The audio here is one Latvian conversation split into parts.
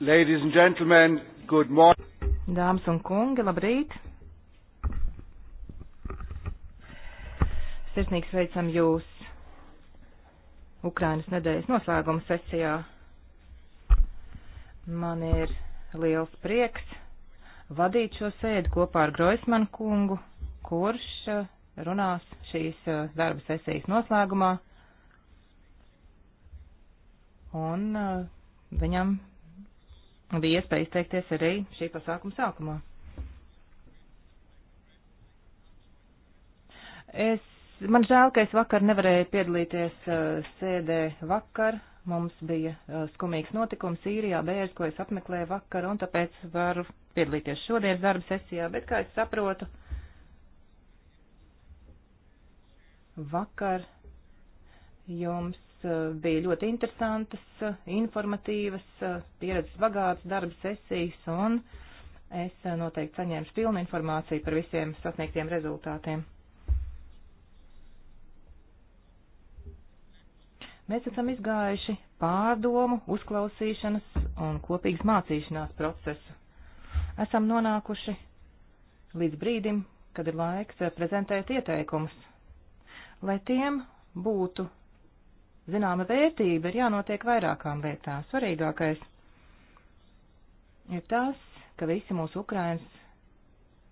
Ladies and gentlemen, good morning. Dāmas un kungi, labrīt! Sirsnīgi sveicam jūs Ukrainas nedēļas noslēguma sesijā. Man ir liels prieks vadīt šo sēdi kopā ar Groismanu kungu, kurš runās šīs eh, darba sesijas noslēgumā un uh, viņam bija iespēja izteikties arī šī pasākuma sākumā. Es, man žēl, ka es vakar nevarēju piedalīties uh, sēdē vakar. Mums bija uh, skumīgs notikums īrijā, bērns, ko es apmeklēju vakar, un tāpēc varu piedalīties šodienas darba sesijā, bet, kā es saprotu, vakar jums Eh, bija ļoti interesantas, eh, informatīvas, eh, pieredzes bagātas darba sesijas, un es noteikti saņēmu pilnu informāciju par visiem sasniegtiem rezultātiem. Mēs esam izgājuši pārdomu, uzklausīšanas un kopīgas mācīšanās procesu. Esam nonākuši līdz brīdim, kad ir laiks prezentēt ieteikumus, lai tiem būtu zināma vērtība, ir jānotiek vairākām lietām. Svarīgākais ir tas, ka visi mūsu Ukrainas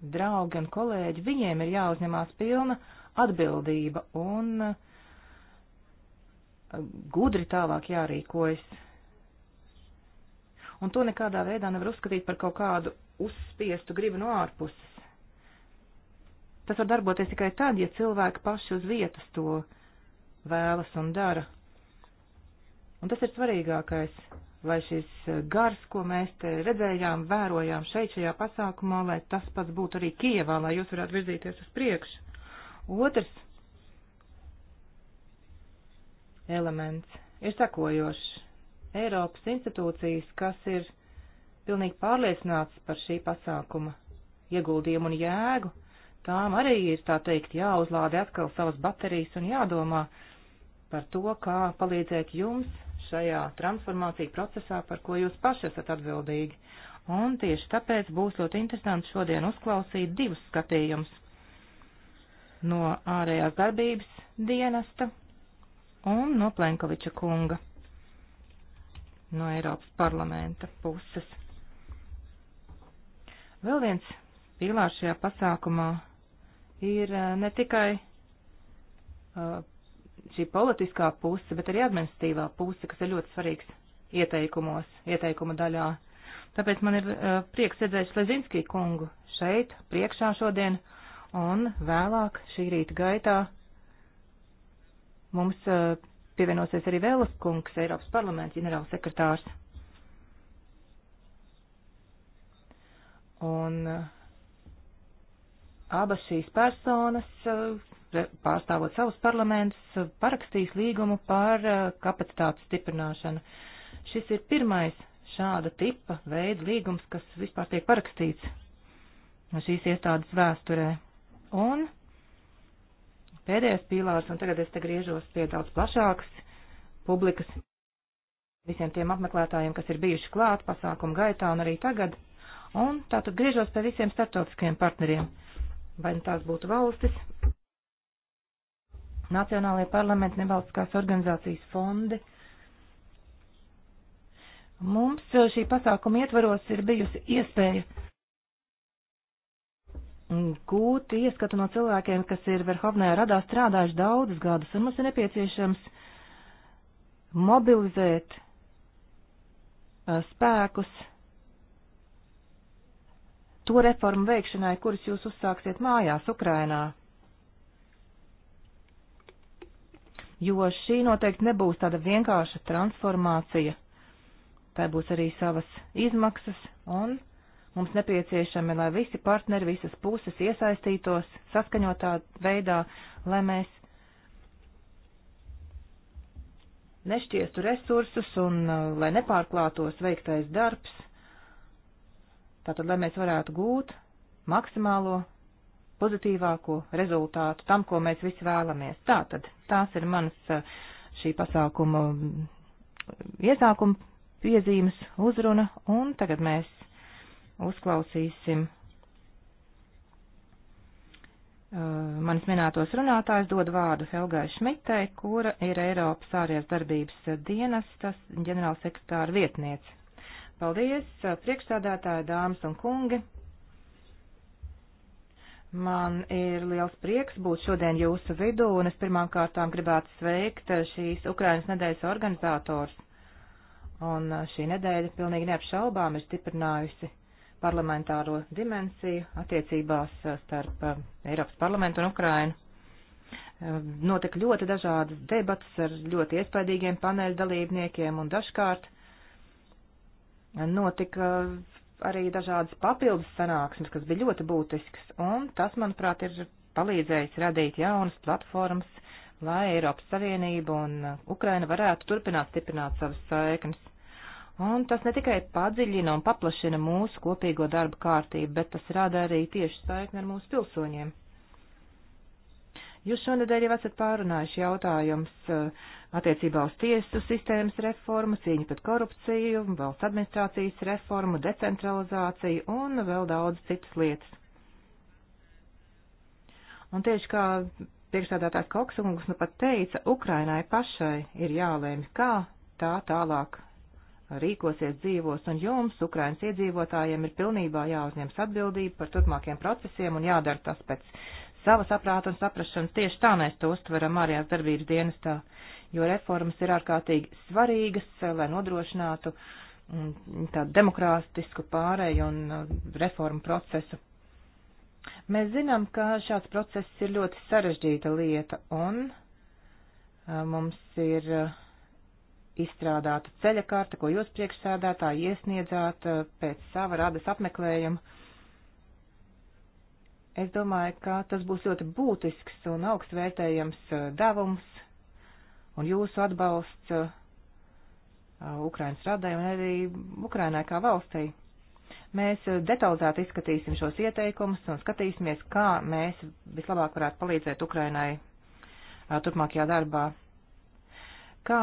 draugi un kolēģi, viņiem ir jāuzņemās pilna atbildība un eh, gudri tālāk jārīkojas. Un to nekādā veidā nevar uzskatīt par kaut kādu uzspiestu gribu no ārpuses. Tas var darboties tikai tad, ja cilvēki paši uz vietas to vēlas un dara. Un tas ir svarīgākais, lai šis eh, gars, ko mēs te redzējām, vērojām šeit šajā pasākumā, lai tas pats būtu arī Kievā, lai jūs varētu virzīties uz priekšu. Otrs elements ir sekojošs. Eiropas institūcijas, kas ir pilnīgi pārliecināts par šī pasākuma ieguldījumu un jēgu, tām arī ir, tā teikt, jāuzlādē atkal savas baterijas un jādomā par to, kā palīdzēt jums šajā transformāciju procesā, par ko jūs paši esat atbildīgi. Un tieši tāpēc būs ļoti interesanti šodien uzklausīt divus skatījumus no ārējās darbības dienesta un no Plenkoviča kunga no Eiropas parlamenta puses. Vēl viens pīlārs šajā pasākumā ir eh, ne tikai uh, šī politiskā puse, bet arī administratīvā puse, kas ir ļoti svarīgs ieteikumos, ieteikumu daļā. Tāpēc man ir uh, prieks redzēt Slezinskī kungu šeit, priekšā šodien, un vēlāk šī rīta gaitā mums uh, pievienosies arī Vēlas kungs, Eiropas parlamenta ģenerālsekretārs. Un uh, abas šīs personas uh, pārstāvot savus parlamentus, parakstījis līgumu par uh, kapacitātes stiprināšanu. Šis ir pirmais šāda tipa veida līgums, kas vispār tiek parakstīts šīs iestādes vēsturē. Un pēdējais pīlārs, un tagad es te griežos pie daudz plašākas publikas, visiem tiem apmeklētājiem, kas ir bijuši klāt pasākumu gaitā un arī tagad. Un tātad griežos pie visiem starptautiskajiem partneriem, vai nu tās būtu valstis, Nacionālajie parlamenti, nevalstiskās organizācijas fondi. Mums šī pasākuma ietvaros ir bijusi iespēja gūt ieskatu no cilvēkiem, kas ir Verhovnē radā strādājuši daudzus gadus, un mums ir nepieciešams mobilizēt spēkus to reformu veikšanai, kuras jūs uzsāksiet mājās Ukrainā. jo šī noteikti nebūs tāda vienkārša transformācija. Tā būs arī savas izmaksas, un mums nepieciešami, lai visi partneri, visas puses iesaistītos saskaņotā veidā, lai mēs nešķiestu resursus un uh, lai nepārklātos veiktais darbs. Tātad, lai mēs varētu gūt maksimālo pozitīvāko rezultātu tam, ko mēs visi vēlamies. Tātad tās ir manas eh, šī pasākuma mm, iesākuma piezīmes uzruna, un tagad mēs uzklausīsim eh, manis minētos runātājs dod vārdu Helgai Šmitei, kura ir Eiropas ārējās darbības eh, dienestas ģenerālsekretāra vietniece. Paldies, priekšstādātāji, dāmas un kungi! Man ir liels prieks būt šodien jūsu vidū, un es pirmām kārtām gribētu sveikt šīs Ukrainas nedēļas organizators. Un šī nedēļa pilnīgi neapšaubām ir stiprinājusi parlamentāro dimensiju attiecībās starp eh, Eiropas parlamentu un Ukrainu. Eh, notika ļoti dažādas debatas ar ļoti iespaidīgiem paneļu dalībniekiem, un dažkārt notika arī dažādas papildus sanāksmes, kas bija ļoti būtisks, un tas, manuprāt, ir palīdzējis radīt jaunas platformas, lai Eiropas Savienība un uh, Ukraina varētu turpināt stiprināt savas saiknes. Un tas ne tikai padziļina un paplašina mūsu kopīgo darba kārtību, bet tas rada arī tieši saikni ar mūsu pilsoņiem. Jūs šonadēļ jau esat pārunājuši jautājums eh, attiecībā uz tiesu sistēmas reformu, cīņu pret korupciju, valsts administrācijas reformu, decentralizāciju un vēl daudz citas lietas. Un tieši kā priekšstādātājs Koksungs nu pat teica, Ukrainai pašai ir jālēmi, kā tā tālāk rīkosies dzīvos, un jums, Ukrainas iedzīvotājiem, ir pilnībā jāuzņems atbildība par turpmākiem procesiem un jādara tas pēc sava saprāta un saprašana. Tieši tā mēs to uztveram ārējās darbības dienestā, jo reformas ir ārkārtīgi svarīgas, eh, lai nodrošinātu mm, tādu demokrātisku pārēju un eh, reformu procesu. Mēs zinām, ka šāds process ir ļoti sarežģīta lieta un eh, mums ir izstrādāta ceļa karta, ko jūs priekšsēdētāji iesniedzāt pēc sava radas apmeklējuma Es domāju, ka tas būs ļoti būtisks un augstvērtējams uh, devums un jūsu atbalsts uh, uh, Ukrainas radai un arī Ukrainai kā valstī. Mēs detalizēti izskatīsim šos ieteikumus un skatīsimies, kā mēs vislabāk varētu palīdzēt Ukrainai turpmākajā darbā. Kā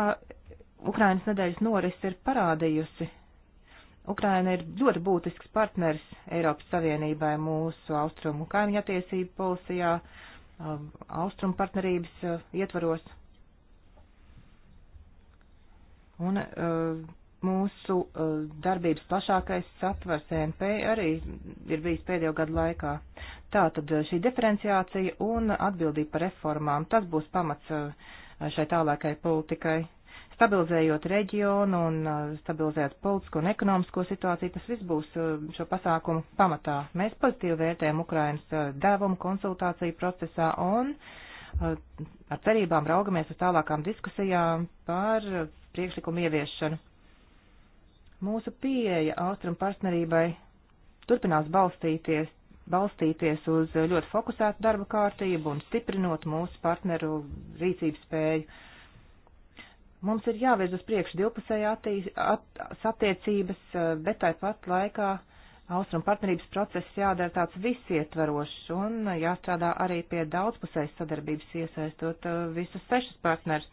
Ukrainas nedēļas noris ir parādījusi, Ukraina ir ļoti būtisks partners Eiropas Savienībai mūsu austrumu kaimiņu attiecību policijā, um, austrumu partnerības uh, ietvaros. Un uh, mūsu uh, darbības plašākais satvers CNP arī ir bijis pēdējo gadu laikā. Tātad šī diferenciācija un atbildība par reformām, tas būs pamats šai tālākai politikai stabilizējot reģionu un uh, stabilizējot politisko un ekonomisko situāciju, tas viss būs uh, šo pasākumu pamatā. Mēs pozitīvi vērtējam Ukrainas uh, devumu konsultāciju procesā un ar cerībām raugamies uz tālākām diskusijām par priekšlikumu ieviešanu. Mūsu pieeja austrumu partnerībai turpinās balstīties, balstīties uz ļoti fokusētu darba kārtību un stiprinot mūsu partneru rīcības spēju. Mums ir jāvirz uz priekšu divpusējā at, attiecības, eh, bet tāpat laikā austrumu partnerības process jādara tāds visietvarošs un jāstrādā arī pie daudzpusējas sadarbības iesaistot eh, visus sešus partners.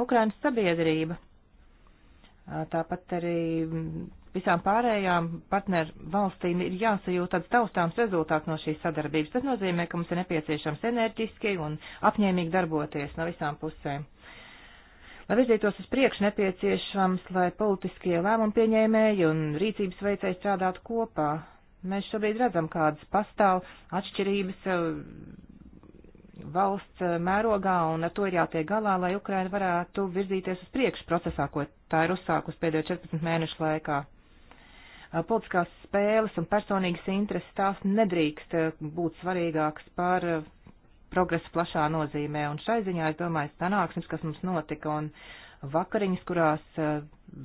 Ukrainas sabiedrība, eh, tāpat arī mm, visām pārējām partneru valstīm ir jāsajūt tāds taustāms rezultāts no šīs sadarbības. Tas nozīmē, ka mums ir nepieciešams enerģiski un apņēmīgi darboties no visām pusēm. Lai virzītos uz priekšu nepieciešams, lai politiskie lēmumu pieņēmēji un rīcības veicēji strādātu kopā. Mēs šobrīd redzam, kādas pastāv atšķirības eh, valsts eh, mērogā, un ar to ir jātiek galā, lai Ukraina varētu virzīties uz priekšu procesā, ko tā ir uzsākusi pēdējo 14 mēnešu laikā. Eh, politiskās spēles un personīgas intereses tās nedrīkst būt svarīgākas par progresu plašā nozīmē. Un šai ziņā, es domāju, sanāksmes, kas mums notika, un vakariņas, kurās eh,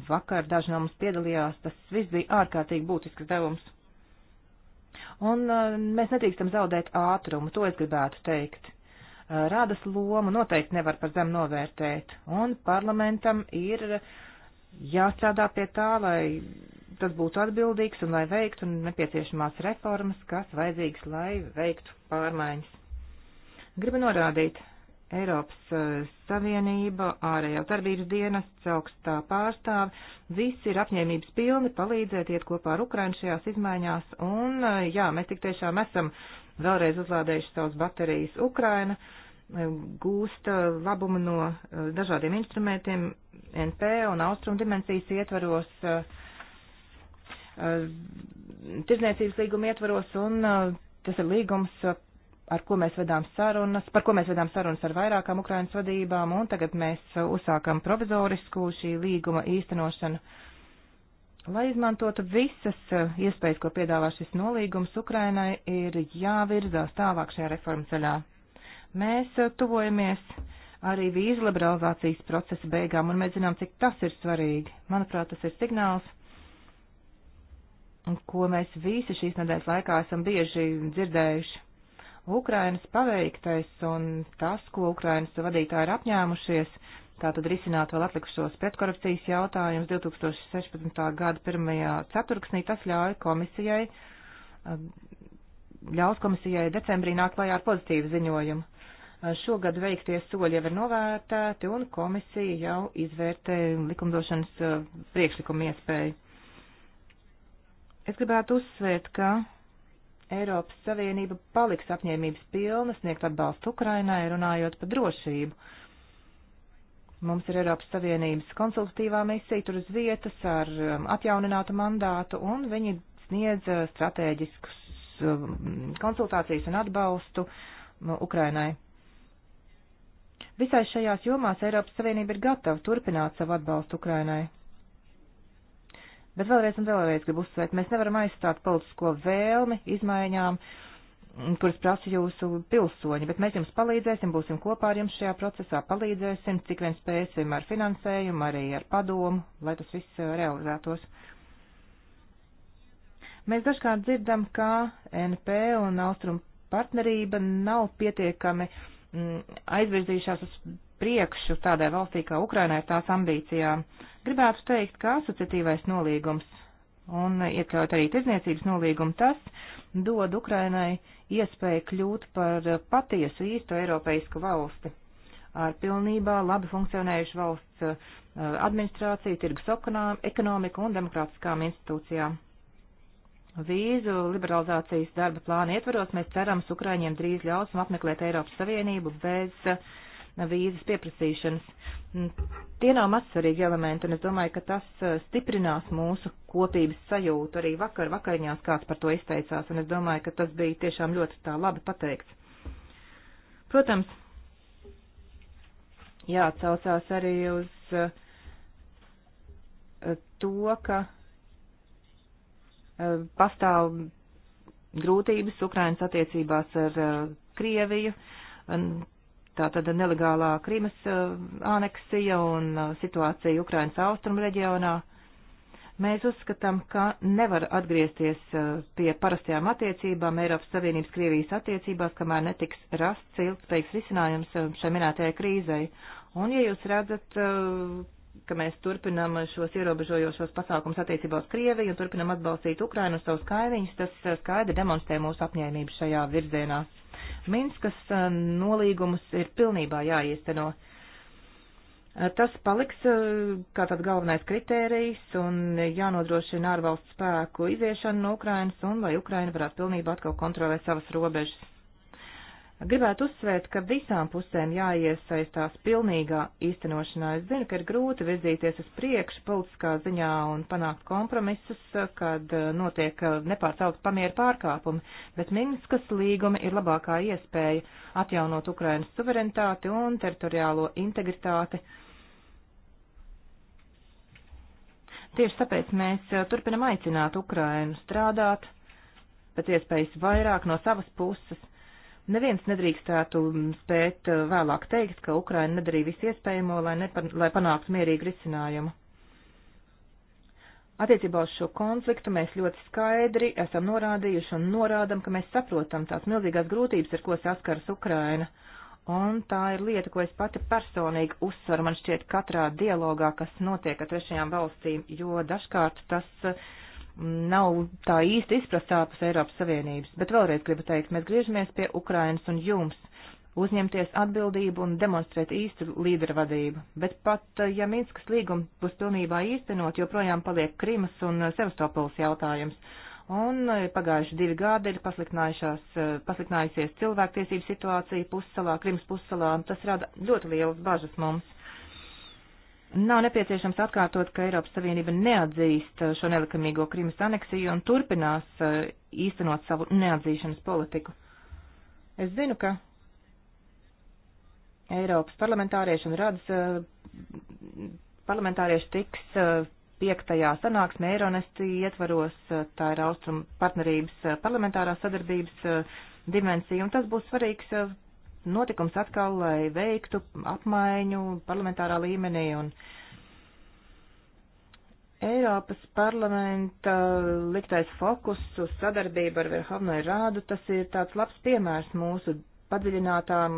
vakar daži no mums piedalījās, tas viss bija ārkārtīgi būtisks devums. Un eh, mēs netīkstam zaudēt ātrumu, to es gribētu teikt. Eh, rādas lomu noteikti nevar par zem novērtēt, un parlamentam ir jāstrādā pie tā, lai tas būtu atbildīgs un lai veiktu nepieciešamās reformas, kas vajadzīgas, lai veiktu pārmaiņas. Gribu norādīt, Eiropas eh, Savienība, ārējā darbības dienests, augstā pārstāve, visi ir apņēmības pilni palīdzēt iet kopā ar Ukrainu šajās izmaiņās, un eh, jā, mēs tik tiešām esam vēlreiz uzlādējuši savus baterijas Ukraina, eh, gūsta labumu no dažādiem instrumentiem NP un Austrum dimensijas ietvaros, tirdzniecības līguma ietvaros, un tas ir līgums ar ko mēs vedām sarunas, par ko mēs vedām sarunas ar vairākām Ukrainas vadībām, un tagad mēs uzsākam provizorisku šī līguma īstenošanu. Lai izmantotu visas eh, iespējas, ko piedāvā šis nolīgums, Ukrainai ir jāvirzās tālāk šajā reformu ceļā. Mēs eh, tuvojamies arī vīzu liberalizācijas procesa beigām, un mēs zinām, cik tas ir svarīgi. Manuprāt, tas ir signāls, ko mēs visi šīs nedēļas laikā esam bieži dzirdējuši Ukrainas paveiktais un tas, ko Ukrainas vadītāji ir apņēmušies, tātad risināt vēl atlikušos pretkorupcijas jautājumus 2016. gada 1. ceturksnī, tas ļauj komisijai, um, ļaus komisijai decembrī nākt klajā ar pozitīvu ziņojumu. Uh, šogad veiktie soļi jau ir novērtēti un komisija jau izvērtē likumdošanas uh, priekšlikumu iespēju. Es gribētu uzsvērt, ka Eiropas Savienība paliks apņēmības pilna sniegt atbalstu Ukrainai, runājot par drošību. Mums ir Eiropas Savienības konsultatīvā misija tur uz vietas ar um, atjauninātu mandātu, un viņi sniedz uh, strateģiskus um, konsultācijas un atbalstu nu, Ukrainai. Visai šajās jomās Eiropas Savienība ir gatava turpināt savu atbalstu Ukrainai. Bet vēlreiz un vēlreiz gribu uzsvērt, mēs nevaram aizstāt politisko vēlmi izmaiņām, kuras prasa jūsu pilsoņi, bet mēs jums palīdzēsim, būsim kopā ar jums šajā procesā, palīdzēsim, cik vien spēsim ar finansējumu, arī ar padomu, lai tas viss uh, realizētos. Mēs dažkārt dzirdam, ka NP un Austrum partnerība nav pietiekami mm, aizvirzījušās uz priekšu tādai valstī kā Ukrainai ar tās ambīcijām. Gribētu teikt, ka asociatīvais nolīgums un iekļaut arī tirdzniecības nolīgumu, tas dod Ukrainai iespēju kļūt par patiesu īsto Eiropeisku valsti ar pilnībā labi funkcionējušu valsts eh, administrāciju, tirgus ekonomiku un demokrātiskām institūcijām. Vīzu liberalizācijas darba plāna ietvaros mēs cerams Ukraiņiem drīz ļausim apmeklēt Eiropas Savienību bez uh, vīzas pieprasīšanas. Mm, tie nav mazsvarīgi elementi, un es domāju, ka tas eh, stiprinās mūsu kopības sajūtu. Arī vakar vakariņās kāds par to izteicās, un es domāju, ka tas bija tiešām ļoti tā labi pateikts. Protams, jāatsaucās arī uz eh, to, ka eh, pastāv grūtības Ukrainas attiecībās ar Krieviju tātad nelegālā Krīmas uh, aneksija un uh, situācija Ukrainas austrumu reģionā. Mēs uzskatām, ka nevar atgriezties uh, pie parastajām attiecībām Eiropas Savienības Krievijas attiecībās, kamēr netiks rasts ilgspējīgs risinājums šai minētajai krīzai. Un, ja jūs redzat, ka mēs turpinam šos ierobežojošos pasākums attiecībā uz Krieviju un turpinam atbalstīt Ukrainu un savus kaimiņus, tas skaidri demonstrē mūsu apņēmību šajā virzienā. Minskas nolīgumus ir pilnībā jāīsteno. Tas paliks kā tāds galvenais kritērijs un jānodrošina ārvalstu spēku iziešanu no Ukrainas un lai Ukraina varētu pilnībā atkal kontrolēt savas robežas. Gribētu uzsvērt, ka visām pusēm jāiesaistās pilnīgā īstenošanā. Es zinu, ka ir grūti virzīties uz priekšu politiskā ziņā un panākt kompromisus, kad eh, notiek eh, nepārtraukt pamieru pārkāpumi, bet Minskas līgumi ir labākā iespēja atjaunot Ukrainas suverenitāti un teritoriālo integritāti. Tieši tāpēc mēs eh, turpinam aicināt Ukrainu strādāt pēc iespējas vairāk no savas puses Neviens nedrīkstētu spēt eh, vēlāk teikt, ka Ukraina nedarīja visu iespējamo, lai, nepan, lai panāktu mierīgu risinājumu. Attiecībā uz šo konfliktu mēs ļoti skaidri esam norādījuši un norādam, ka mēs saprotam tās milzīgās grūtības, ar ko saskaras Ukraina. Un tā ir lieta, ko es pati personīgi uzsveru, man šķiet, katrā dialogā, kas notiek ar trešajām valstīm, jo dažkārt tas uh, nav tā īsti izprast ārpus Eiropas Savienības. Bet vēlreiz gribu teikt, mēs griežamies pie Ukrainas un jums uzņemties atbildību un demonstrēt īstu līderu vadību. Bet pat, eh, ja Minskas līguma būs pilnībā īstenot, joprojām paliek Krimas un eh, Sevastopols jautājums. Un eh, pagājuši divi gadi ir pasliktinājusies cilvēktiesību situācija pussalā, Krimas pussalā, un tas rada ļoti lielas bažas mums. Nav nepieciešams atkārtot, ka Eiropas Savienība neatzīst uh, šo nelikumīgo Krimas aneksiju un turpinās uh, īstenot savu neatzīšanas politiku. Es zinu, ka Eiropas parlamentārieši un radas uh, parlamentārieši tiks piektajā sanāksmē Eironesti ietvaros, tā ir Austrum partnerības parlamentārā sadarbības dimensija, un tas būs svarīgs notikums atkal, lai veiktu apmaiņu parlamentārā līmenī un Eiropas parlamenta liktais fokus uz sadarbību ar Verhovnoju rādu, tas ir tāds labs piemērs mūsu padziļinātām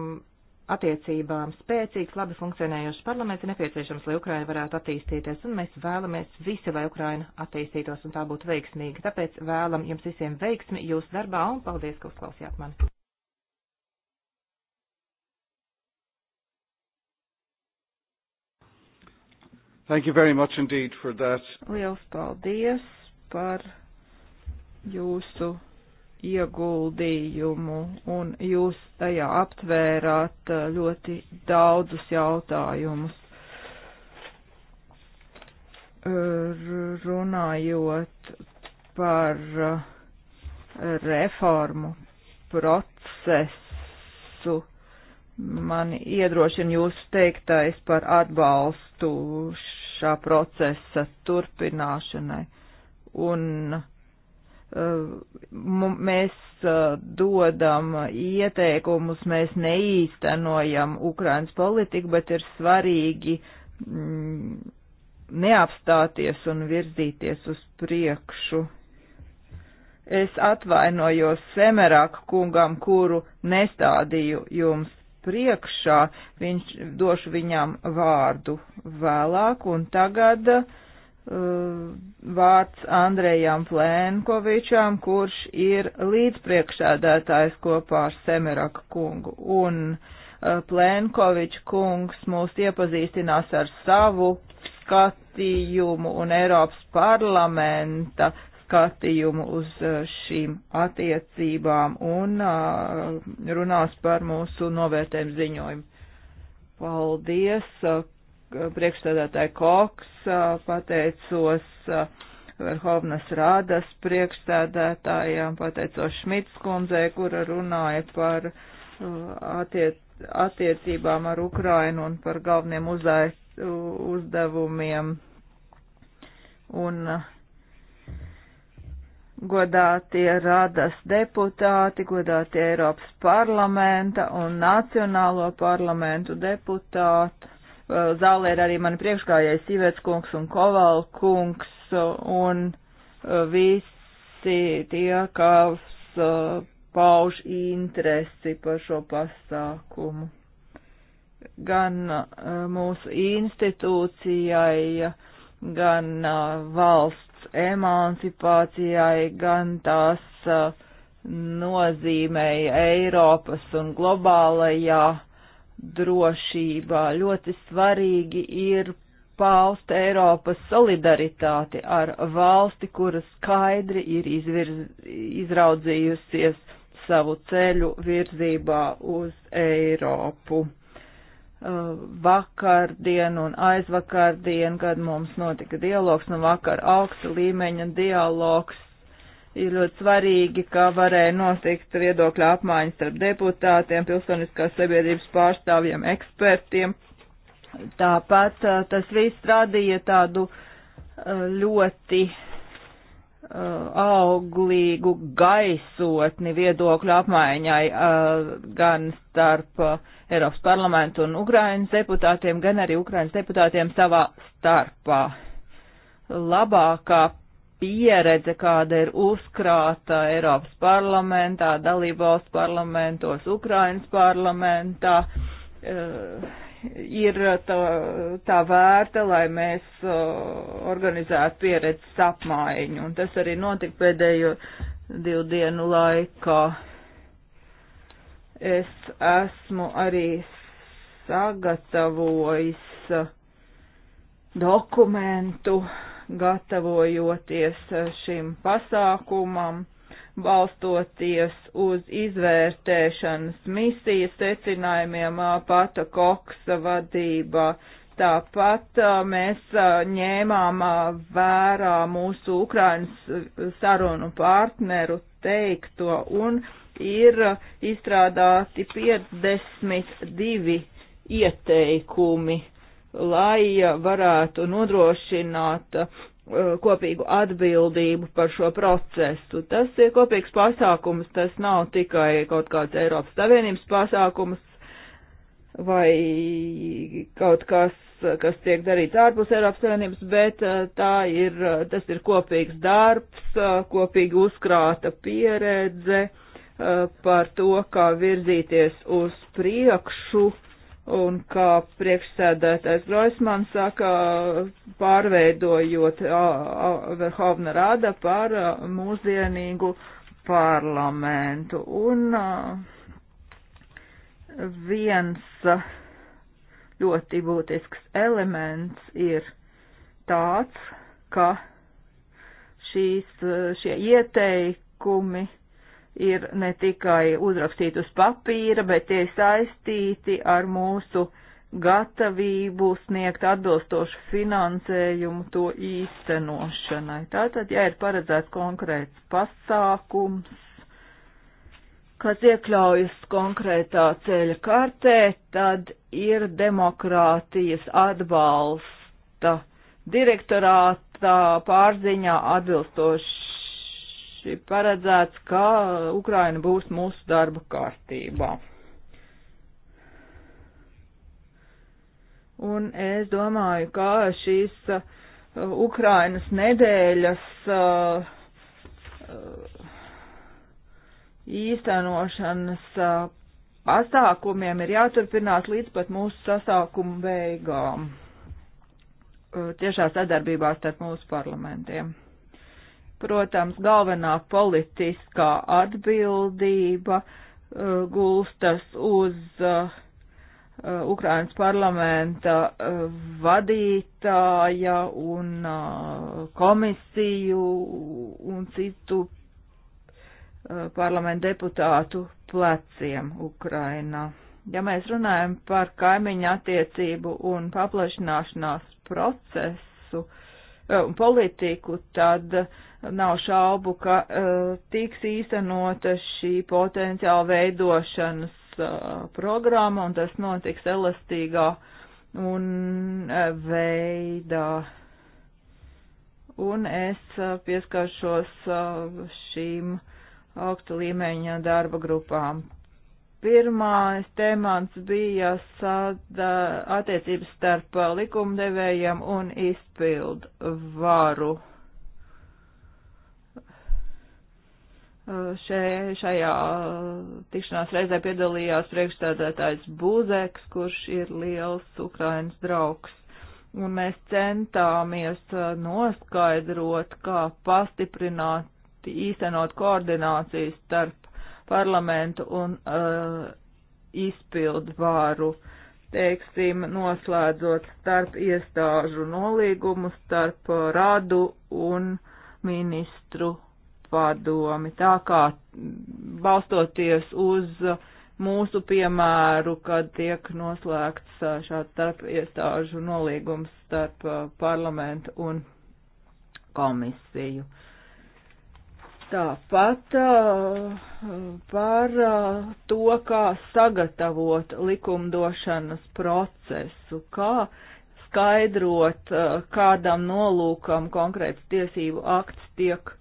attiecībām spēcīgs, labi funkcionējošs parlaments ir nepieciešams, lai Ukraina varētu attīstīties, un mēs vēlamies visi, lai Ukraina attīstītos un tā būtu veiksmīga. Tāpēc vēlam jums visiem veiksmi jūsu darbā, un paldies, ka uzklausījāt mani! Thank you very much indeed for that. Liels paldies par jūsu ieguldījumu un jūs tajā aptvērāt uh, ļoti daudzus jautājumus. Runājot par uh, reformu procesu, mani iedrošina jūsu teiktais par atbalstu šā procesa turpināšanai. Un eh, mēs eh, dodam ieteikumus, mēs neīstenojam Ukrainas politiku, bet ir svarīgi mm, neapstāties un virzīties uz priekšu. Es atvainojos Semerāka kungam, kuru nestādīju jums priekšā. Viņš došu viņam vārdu vēlāk, un tagad uh, vārds Andrejam Plēnkovičam, kurš ir līdzpriekšādētājs kopā ar Semeraka kungu. Un uh, Plēnkoviča kungs mūs iepazīstinās ar savu skatījumu un Eiropas parlamenta skatījumu uz šīm attiecībām un runās par mūsu novērtējumu ziņojumu. Paldies, priekšstādātāji Koks, pateicos Verhovnas Rādas priekšstādātājām, pateicos Šmits kundzei, kura runāja par attiec attiecībām ar Ukrainu un par galveniem uzdevumiem. Un uh, godātie radas deputāti, godātie Eiropas parlamenta un Nacionālo parlamentu deputāti. Zālē ir arī mani priekšgājēji Sīvēts kungs un Koval kungs un e, visi tie, kas e, pauž interesi par šo pasākumu. Gan e, mūsu institūcijai, gan valsts emancipācijai, gan tās uh, nozīmēja Eiropas un globālajā drošībā. Ļoti svarīgi ir paust Eiropas solidaritāti ar valsti, kura skaidri ir izvirz, izraudzījusies savu ceļu virzībā uz Eiropu vakardien un aizvakardien, kad mums notika dialogs, nu vakar augsta līmeņa dialogs. Ir ļoti svarīgi, ka varēja notikt viedokļa apmaiņas starp deputātiem, pilsoniskās sabiedrības pārstāvjiem, ekspertiem. Tāpat uh, tas viss radīja tādu uh, ļoti uh, Uh, auglīgu gaisotni viedokļu apmaiņai uh, gan starp uh, Eiropas parlamentu un Ukrainas deputātiem, gan arī Ukrainas deputātiem savā starpā. Labākā pieredze, kāda ir uzkrāta Eiropas parlamentā, dalībvalsts parlamentos, Ukrainas parlamentā, ir uh, tā, tā vērta, lai mēs uh, organizētu pieredzes apmaiņu. Un tas arī notika pēdējo divu dienu laikā. Es esmu arī sagatavojis uh, dokumentu, gatavojoties šim pasākumam balstoties uz izvērtēšanas misijas secinājumiem Pata Koksa vadībā. Tāpat mēs ņēmām vērā mūsu Ukrainas sarunu partneru teikto un ir izstrādāti 52 ieteikumi, lai varētu nodrošināt Uh, kopīgu atbildību par šo procesu. Tas ir kopīgs pasākums, tas nav tikai kaut kāds Eiropas Savienības pasākums vai kaut kas, kas tiek darīts ārpus Eiropas Savienības, bet uh, tā ir, uh, tas ir kopīgs darbs, kopīgi uzkrāta pieredze par to, kā virzīties uz priekšu Un kā priekšsēdētais Groismans saka, pārveidojot Verhovna rada par mūsdienīgu parlamentu. Un viens ļoti būtisks elements ir tāds, ka šīs, šie ieteikumi ir ne tikai uzrakstīti uz papīra, bet tie ir saistīti ar mūsu gatavību sniegt atbilstošu finansējumu to īstenošanai. Tātad, ja ir paredzēts konkrēts pasākums, kas iekļaujas konkrētā ceļa kartē, tad ir demokrātijas atbalsta direktorāta pārziņā atbilstošs tieši paredzēts, ka Ukraina būs mūsu darba kārtībā. Un es domāju, ka šīs uh, Ukrainas nedēļas uh, uh īstenošanas uh, pasākumiem ir jāturpinās līdz pat mūsu sasākumu beigām uh, tiešā sadarbībā starp mūsu parlamentiem. Protams, galvenā politiskā atbildība uh, gulstas uz uh, uh Ukrainas parlamenta uh, vadītāja un uh, komisiju un citu uh, parlamentu deputātu pleciem Ukrainā. Ja mēs runājam par kaimiņu attiecību un paplašināšanās procesu un politiku, tad uh, Nav šaubu, ka eh, tiks īstenota šī potenciāla veidošanas eh, programma, un tas notiks elastīgā un eh, veidā. Un es pieskaršos šīm augsta līmeņa darba grupām. Pirmais temats bija sada, attiecības starp likumdevējiem un izpildu varu. Uh, še, šajā tikšanās reizē piedalījās priekšstādātājs Būzeks, kurš ir liels Ukrainas draugs. Un mēs centāmies uh, noskaidrot, kā pastiprināt, īstenot koordinācijas starp parlamentu un uh, izpildvāru, teiksim, noslēdzot starp iestāžu nolīgumu, starp uh, radu un ministru padomi, tā kā balstoties uz mūsu piemēru, kad tiek noslēgts šāds starp iestāžu nolīgums starp parlamentu un komisiju. Tāpat par to, kā sagatavot likumdošanas procesu, kā skaidrot, kādam nolūkam konkrēts tiesību akts tiek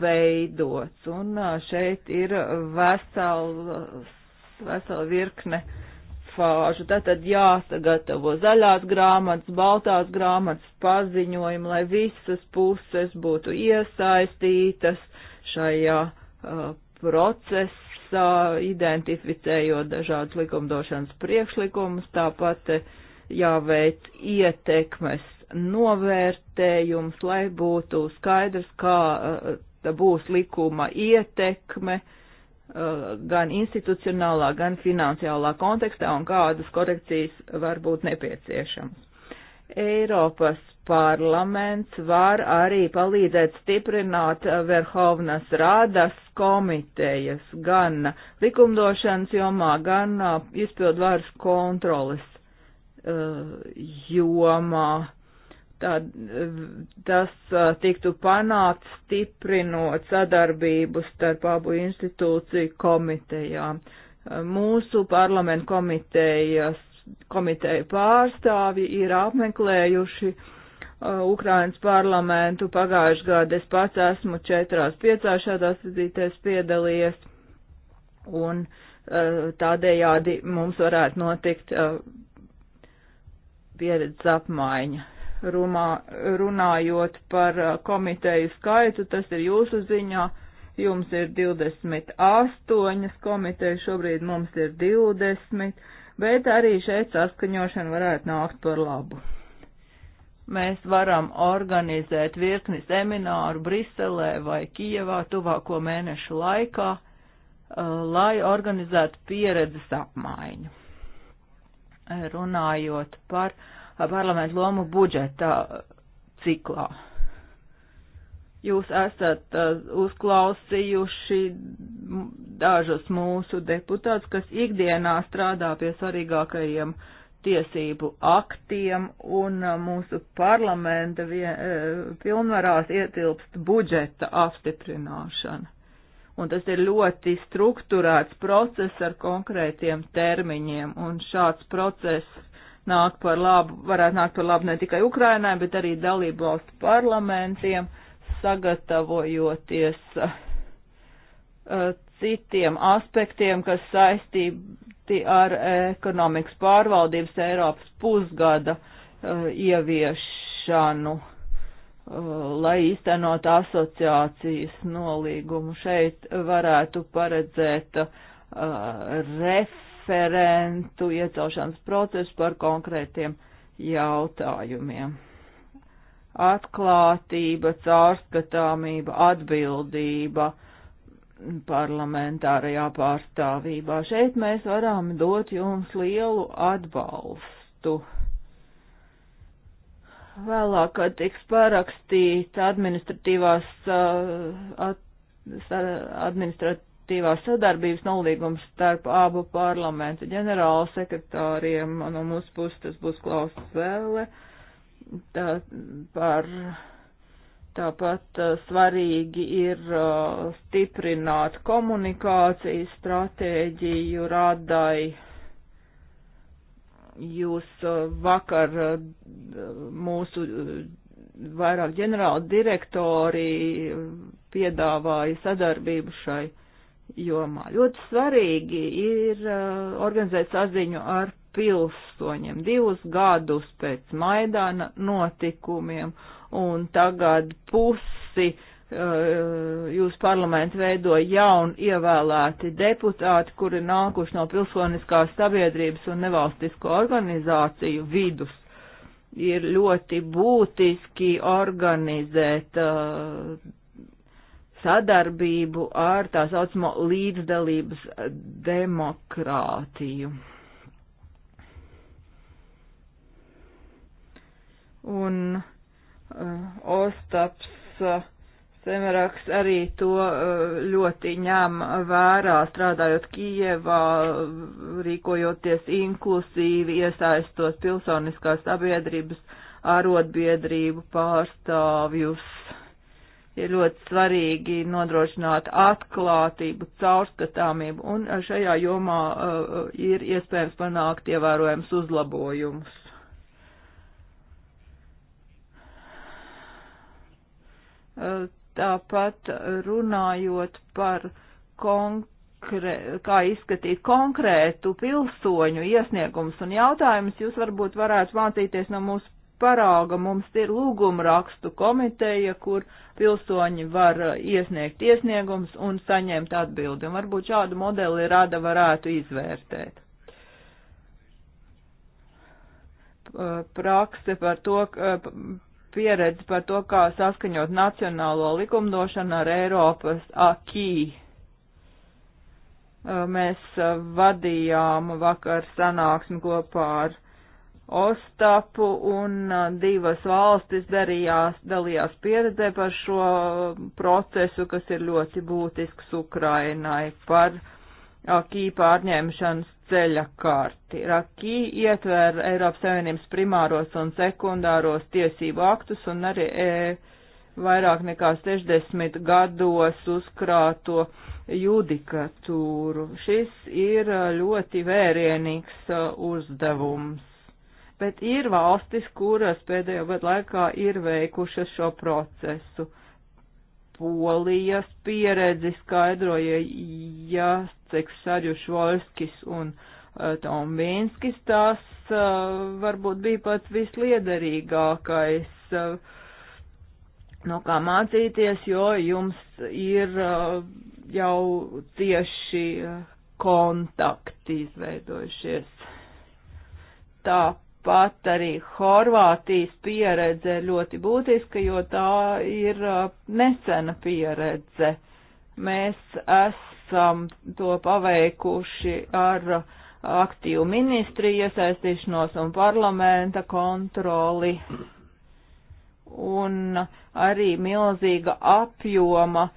veidots. Un šeit ir vesels, vesela virkne fāžu. Tātad jāsagatavo zaļās grāmatas, baltās grāmatas paziņojumi, lai visas puses būtu iesaistītas šajā uh, procesā, identificējot dažādas likumdošanas priekšlikumus, tāpat jāveic ietekmes novērtējums, lai būtu skaidrs, kā eh, būs likuma ietekme eh, gan institucionālā, gan finansiālā kontekstā un kādas korekcijas var būt nepieciešamas. Eiropas parlaments var arī palīdzēt stiprināt Verhovnas rādas komitejas gan likumdošanas jomā, gan eh, izpildvaras kontroles jomā. Uh, Tad tas tiktu panākt stiprinot sadarbību starp abu institūciju komitejām. Mūsu parlamentu komitejas, komiteju pārstāvji ir apmeklējuši Ukrainas parlamentu. Pagājušajā gadā es pats esmu četrās, piecās šādās vizītēs piedalījies. Un tādējādi mums varētu notikt pieredzes apmaiņa rumā, runājot par uh, komiteju skaitu, tas ir jūsu ziņā. Jums ir 28 komiteja, šobrīd mums ir 20, bet arī šeit saskaņošana varētu nākt par labu. Mēs varam organizēt virkni semināru Briselē vai Kijevā tuvāko mēnešu laikā, uh, lai organizētu pieredzes apmaiņu. Runājot par uh, parlamentu lomu budžeta ciklā. Jūs esat uh, uzklausījuši dažus mūsu deputātus, kas ikdienā strādā pie svarīgākajiem tiesību aktiem, un uh, mūsu parlamenta uh, pilnvarās ietilpst budžeta apstiprināšana. Un tas ir ļoti strukturēts process ar konkrētiem termiņiem, un šāds process nāk par labu, varētu nākt par labu ne tikai Ukrainai, bet arī dalību valstu parlamentiem, sagatavojoties uh, citiem aspektiem, kas saistīti ar ekonomikas pārvaldības Eiropas pusgada uh, ieviešanu, uh, lai īstenot asociācijas nolīgumu. Šeit varētu paredzēt ref referentu iecelšanas procesu par konkrētiem jautājumiem. Atklātība, caurskatāmība, atbildība parlamentārajā pārstāvībā. Šeit mēs varam dot jums lielu atbalstu. Vēlāk, kad tiks parakstīta administratīvās, uh, at, administrat, administratīvās sadarbības nolīgums starp abu parlamentu ģenerālu sekretāriem. No mūsu puses tas būs Klaus Vēle. Tā, par, tāpat eh, svarīgi ir eh, stiprināt komunikācijas stratēģiju radai. Jūs eh, vakar mūsu vairāk ģenerāla direktori piedāvāja sadarbību šai jomā. Ļoti svarīgi ir uh, organizēt saziņu ar pilsoņiem divus gadus pēc Maidāna notikumiem, un tagad pusi uh, jūs parlamentu veido jaun ievēlēti deputāti, kuri nākuši no pilsoniskās sabiedrības un nevalstisko organizāciju vidus. Ir ļoti būtiski organizēt uh, sadarbību ar tā saucamo līdzdalības demokrātiju. Un uh, Ostaps uh, Semeraks arī to uh, ļoti ņem vērā, strādājot Kijevā, rīkojoties inklusīvi, iesaistot pilsoniskās sabiedrības, arotbiedrību pārstāvjus ir ļoti svarīgi nodrošināt atklātību, caurskatāmību, un šajā jomā uh, ir iespējams panākt ievērojams uzlabojumus. Uh, tāpat runājot par konkrē, kā izskatīt konkrētu pilsoņu iesniegumus un jautājumus, jūs varbūt varētu mācīties no mūsu parāga mums ir lūguma rakstu komiteja, kur pilsoņi var uh, iesniegt iesniegums un saņemt atbildi. Un varbūt šādu modeli rada varētu izvērtēt. Uh, prakse par to, uh, pieredze par to, kā saskaņot nacionālo likumdošanu ar Eiropas akī mēs vadījām vakar sanāksmi kopā ar Ostapu un divas valstis darījās, dalījās pieredzē par šo procesu, kas ir ļoti būtisks Ukrainai par akī pārņemšanas ceļa karti. Rakī ietver Eiropas Savienības primāros un sekundāros tiesību aktus un arī e, vairāk nekā 60 gados uzkrāto judikatūru. Šis ir ļoti vērienīgs uzdevums bet ir valstis, kuras pēdējo gadu laikā ir veikušas šo procesu. Polijas pieredzi skaidroja Jāceks Saļuš Volskis un uh, Tombīnskis, tās uh, e, varbūt bija pats visliederīgākais. Uh, no kā mācīties, jo jums ir jau tieši kontakti izveidojušies. Tāpat Tāpat arī Horvātijas pieredze ir ļoti būtiska, jo tā ir uh, nesena pieredze. Mēs esam to paveikuši ar uh, aktīvu ministriju iesaistīšanos un parlamenta kontroli un arī milzīga apjoma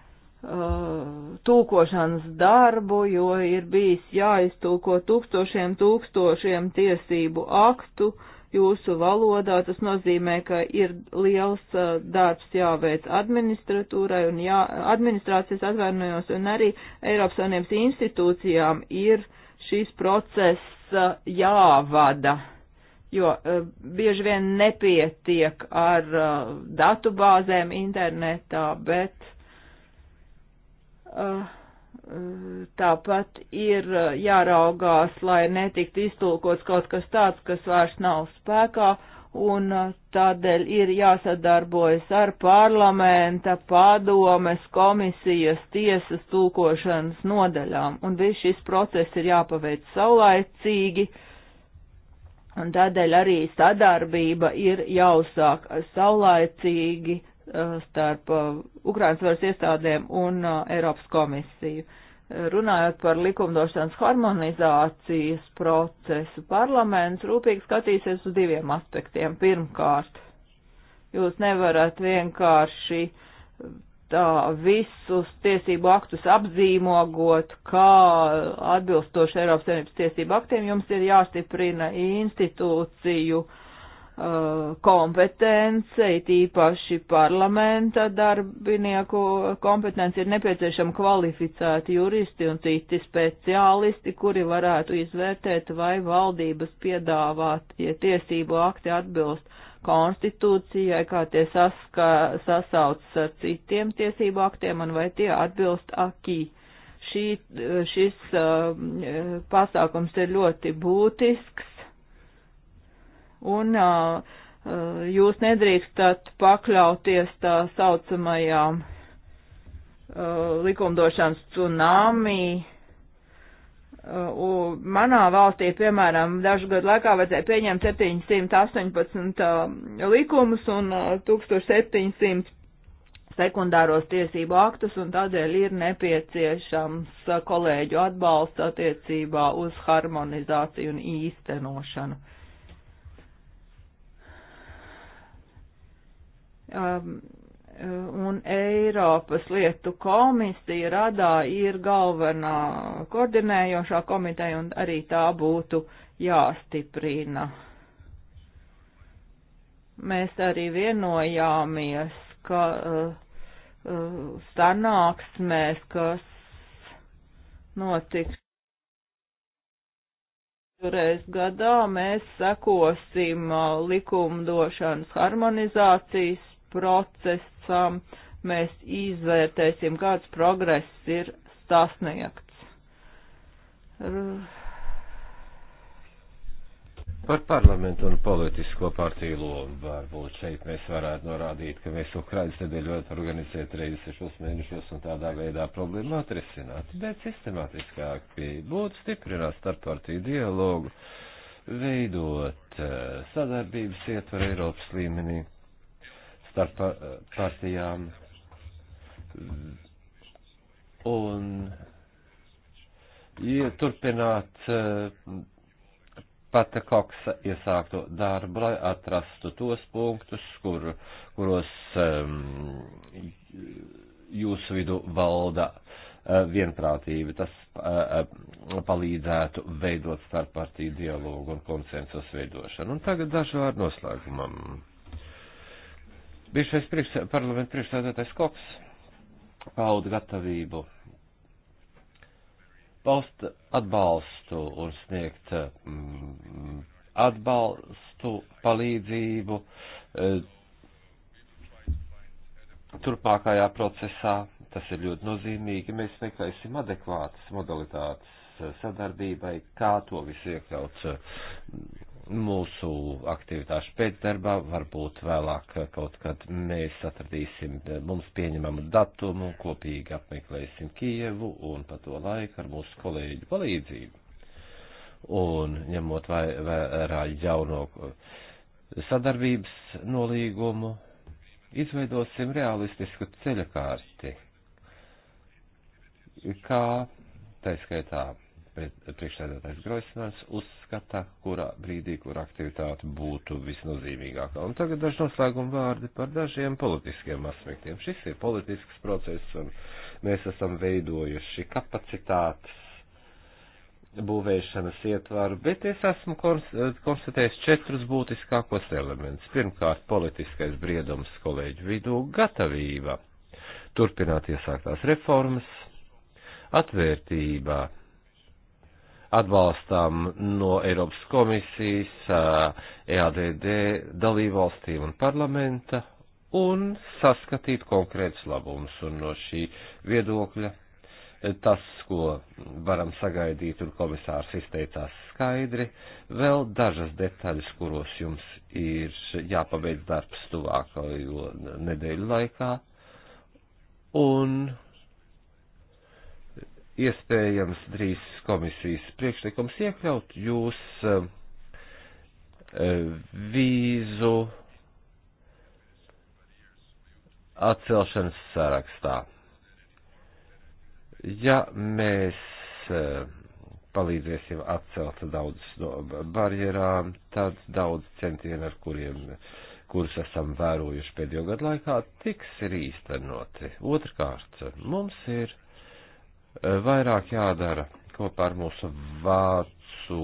tūkošanas darbu, jo ir bijis jāiztūko tūkstošiem tūkstošiem tiesību aktu jūsu valodā. Tas nozīmē, ka ir liels uh, darbs jāveic administratūrai un jā, administrācijas atvainojos un arī Eiropas Savienības institūcijām ir šīs process uh, jāvada jo uh, bieži vien nepietiek ar uh, datubāzēm internetā, bet Tāpat ir eh, jāraugās, lai netiktu iztulkots kaut kas tāds, kas vairs nav spēkā, un eh, tādēļ ir jāsadarbojas ar parlamenta, padomes, komisijas, tiesas tulkošanas nodaļām, un viss šis process ir jāpaveic saulaicīgi, un tādēļ arī sadarbība ir jāuzsāk saulaicīgi Uh, starp uh, Ukrainas varas iestādēm un uh, Eiropas komisiju. Runājot par likumdošanas harmonizācijas procesu, parlaments rūpīgi skatīsies uz diviem aspektiem. Pirmkārt, jūs nevarat vienkārši tā visus tiesību aktus apzīmogot, kā atbilstoši Eiropas Savienības tiesību aktiem jums ir jāstiprina institūciju uh, Uh, kompetence, it īpaši parlamenta darbinieku kompetence, ir nepieciešama kvalificēti juristi un citi speciālisti, kuri varētu izvērtēt, vai valdības piedāvāt ja tiesību akti atbilst konstitūcijai, kā tie saska, sasauc ar citiem tiesību aktiem un vai tie atbilst akī. Šī, šis uh, pasākums ir ļoti būtisks un uh, jūs nedrīkstat pakļauties tā saucamajām uh, likumdošanas tsunami. Uh, manā valstī, piemēram, dažu gadu laikā vajadzēja pieņemt 718 uh, likumus un 1700 sekundāros tiesību aktus, un tādēļ ir nepieciešams kolēģu atbalsts attiecībā uz harmonizāciju un īstenošanu um, uh, un Eiropas lietu komisija radā ir galvenā koordinējošā komiteja un arī tā būtu jāstiprina. Mēs arī vienojāmies, ka uh, uh sanāksmēs, kas notiks Reiz gadā mēs sekosim uh, likumdošanas harmonizācijas procesam. Mēs izvērtēsim, kāds progress ir sasniegts. Par parlamentu un politisko partiju lomu varbūt šeit mēs varētu norādīt, ka mēs Ukrainas nedēļu varētu organizēt reizes sešos mēnešos un tādā veidā problēmu atrisināt, bet sistemātiskāk pieeja būtu stiprināt starppartiju dialogu, veidot eh, sadarbības ietvaru Eiropas līmenī starp eh, partijām. Un ja turpināt eh, pata koksa iesākto darbu, lai atrastu tos punktus, kur, kuros um, jūsu vidu valda uh, vienprātība. Tas uh, uh, palīdzētu veidot starppartiju dialogu un konsensus veidošanu. Un tagad daži vārdi noslēgumam. Bišais priekš, parlamenta priekšsēdētājs Kops pauda gatavību paust atbalstu un sniegt mm, atbalstu, palīdzību eh, turpākajā procesā. Tas ir ļoti nozīmīgi. Mēs meklēsim adekvātas modalitātes eh, sadarbībai, kā to visu iekļaut eh, mūsu aktivitāšu pēcdarbā, varbūt vēlāk eh, kaut kad mēs atradīsim eh, mums pieņemamu datumu, kopīgi apmeklēsim Kijevu un pa to laiku ar mūsu kolēģu palīdzību. Un ņemot vērā jauno eh, sadarbības nolīgumu, izveidosim realistisku ceļakārti, kā taiskaitā priekšsēdētājs Groismans uzskata, kurā brīdī, kur aktivitāte būtu visnozīmīgākā. Un tagad daži noslēguma vārdi par dažiem politiskiem aspektiem. Šis ir politisks process, un mēs esam veidojuši kapacitātes būvēšanas ietvaru, bet es esmu konstatējis četrus būtiskākos elementus. Pirmkārt, politiskais briedums kolēģu vidū - gatavība turpināt iesāktās reformas, atvērtībā atbalstām no Eiropas komisijas, EADD, dalībvalstīm un parlamenta un saskatīt konkrētus labumus. Un no šī viedokļa tas, ko varam sagaidīt, un komisārs izteicās skaidri, vēl dažas detaļas, kuros jums ir jāpabeidz darbs tuvākajo nedēļu laikā. Un iespējams drīz komisijas priekšlikums iekļaut jūs eh, eh, vīzu atcelšanas sarakstā. Ja mēs eh, palīdzēsim atcelt daudzas no barjerām, tad daudz centienu, ar kuriem, kurus esam vērojuši pēdējo gadu laikā, tiks ir īstenoti. Otrkārt, mums ir Eh, vairāk jādara kopā ar mūsu vācu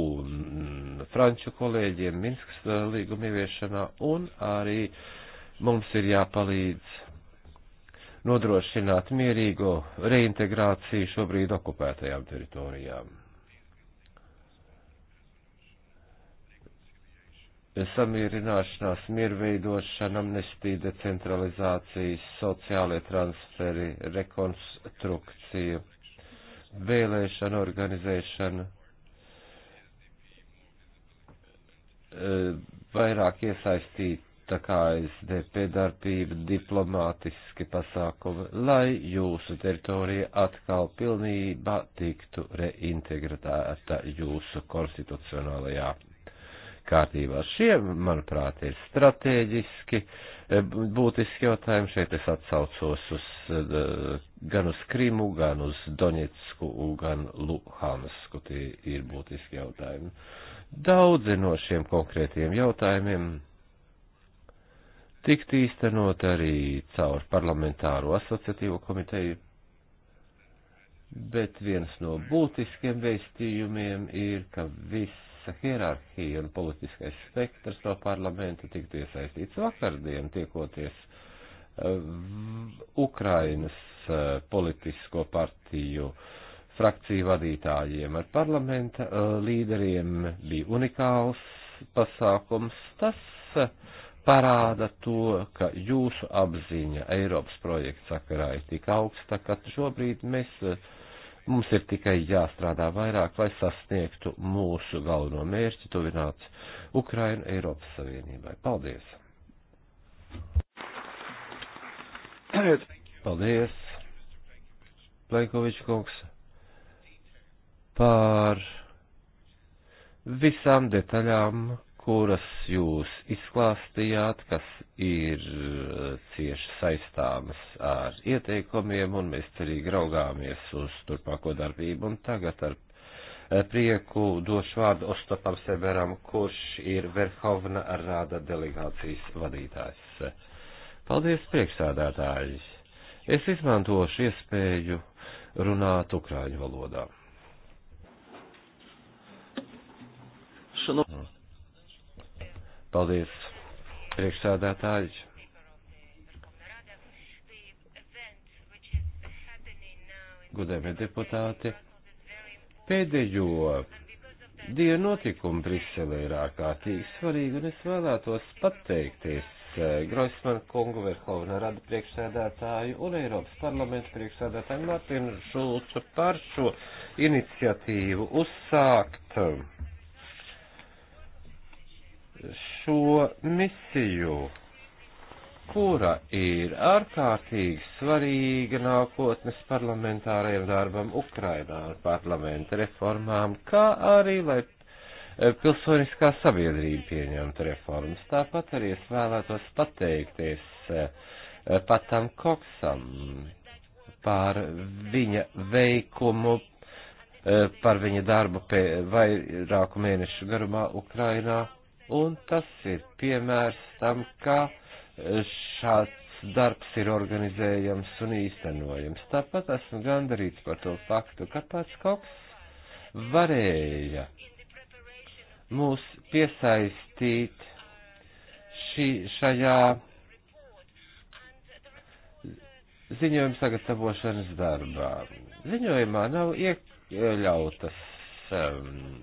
un franču kolēģiem Minskas eh, līguma ieviešanā, un arī mums ir jāpalīdz nodrošināt mierīgo reintegrāciju šobrīd okupētajām teritorijām. samierināšanās, mierveidošana, amnestija, decentralizācijas, sociālie transferi, rekonstrukcija, vēlēšana organizēšana, eh, vairāk iesaistīta kā SDP darbība, diplomātiski pasākumi, lai jūsu teritorija atkal pilnībā tiktu reintegrēta jūsu konstitucionālajā kārtībā. Šie, manuprāt, ir strateģiski e, būtiski jautājumi. Šeit es atsaucos uz, e, gan uz Krimu, gan uz Doņetsku, gan Luhansku. Tie ir būtiski jautājumi. Daudzi no šiem konkrētiem jautājumiem tikt īstenot arī caur parlamentāro asociatīvo komiteju, bet viens no būtiskiem vēstījumiem ir, ka viss visa hierarhija un politiskais spektrs no parlamenta tiktu iesaistīts vakardien, tiekoties eh, Ukrainas eh, politisko partiju frakciju vadītājiem ar parlamenta eh, līderiem bija unikāls pasākums. Tas parāda to, ka jūsu apziņa Eiropas projekta sakarā ir tik augsta, ka šobrīd mēs uh, Mums ir tikai jāstrādā vairāk, lai sasniegtu mūsu galveno mērķi tuvināt Ukrainu Eiropas Savienībai. Paldies! Paldies, Plenkoviča kungs, par visām detaļām kuras jūs izklāstījāt, kas ir eh, cieši saistāmas ar ieteikumiem, un mēs cerīgi raugāmies uz turpāko darbību. Un tagad ar eh, prieku došu vārdu Ostapam Severam, kurš ir Verhovna Rāda delegācijas vadītājs. Paldies, priekšsādātāji! Es izmantošu iespēju runāt ukrāņu valodā. Šanu. Mm. Paldies, priekšsādātāji. Gudējumie deputāti. Pēdējo dienu notikumu Briselē ir ārkārtīgi svarīgi, un es vēlētos pateikties eh, Groismanu kungu, Verhovna rada priekšsēdētāju un Eiropas parlamenta priekšsēdētāju Martinu Šulcu par šo iniciatīvu uzsākt šo misiju, kura ir ārkārtīgi svarīga nākotnes parlamentārajam darbam Ukrainā un parlamenta reformām, kā arī, lai e, pilsoniskā sabiedrība pieņemtu reformas. Tāpat arī es vēlētos pateikties e, e, patam Koksam par viņa veikumu, par viņa darbu vairāku mēnešu garumā Ukrainā un tas ir piemērs tam, kā e, šāds darbs ir organizējams un īstenojams. Tāpat esmu gandarīts par to faktu, ka pats koks varēja mūs piesaistīt šī, šajā ziņojuma sagatavošanas darbā. Ziņojumā nav iekļautas um,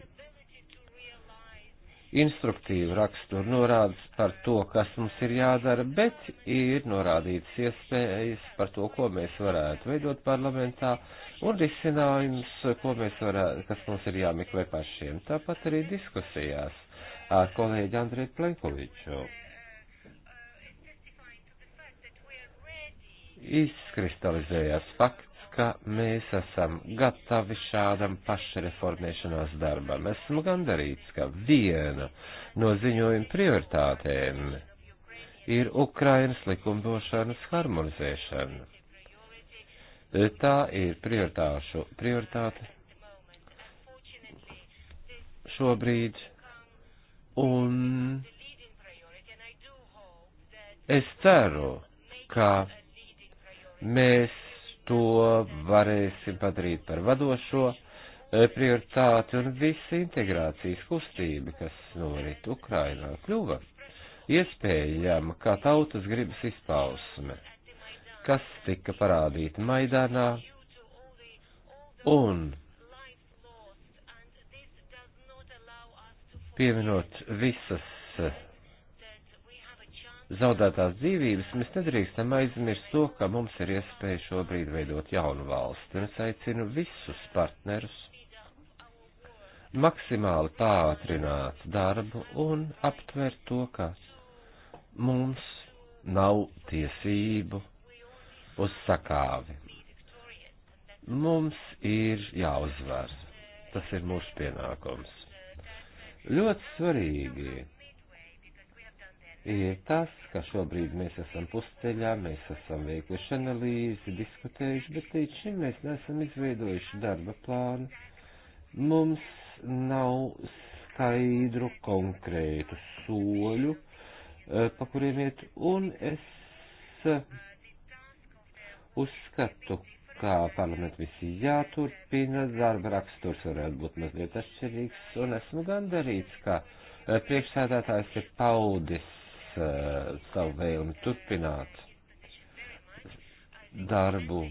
instruktīvu raksturu norādes par to, kas mums ir jādara, bet ir norādīts iespējas par to, ko mēs varētu veidot parlamentā un risinājums, ko mēs varētu, kas mums ir jāmeklē pašiem. Tāpat arī diskusijās ar kolēģi Andrei Plenkoviču. izkristalizējās fakts ka mēs esam gatavi šādam pašreformēšanās darbam. Esmu gandarīts, ka viena no ziņojuma prioritātēm ir Ukrainas likumdošanas harmonizēšana. Tā ir prioritāšu prioritāte šobrīd, un es ceru, ka mēs to varēsim padarīt par vadošo eh, prioritāti un visa integrācijas kustība, kas norit Ukrainā, kļuva iespējama kā tautas gribas izpausme, kas tika parādīta Maidanā un pieminot visas eh, zaudētās dzīvības, mēs nedrīkstam aizmirst to, ka mums ir iespēja šobrīd veidot jaunu valsti, un es aicinu visus partnerus maksimāli pātrināt darbu un aptvert to, ka mums nav tiesību uz sakāvi. Mums ir jāuzvar. Tas ir mūsu pienākums. Ļoti svarīgi ir tas, ka šobrīd mēs esam pusceļā, mēs esam veikuši analīzi, diskutējuši, bet līdz šim mēs neesam izveidojuši darba plānu. Mums nav skaidru konkrētu soļu, eh, pa kuriem iet, un es eh, uzskatu, kā parlamentu misija jāturpina, darba raksturs varētu būt mazliet atšķirīgs, un esmu gandarīts, ka eh, priekšsēdētājs ir paudis uh, savu vēlmi turpināt darbu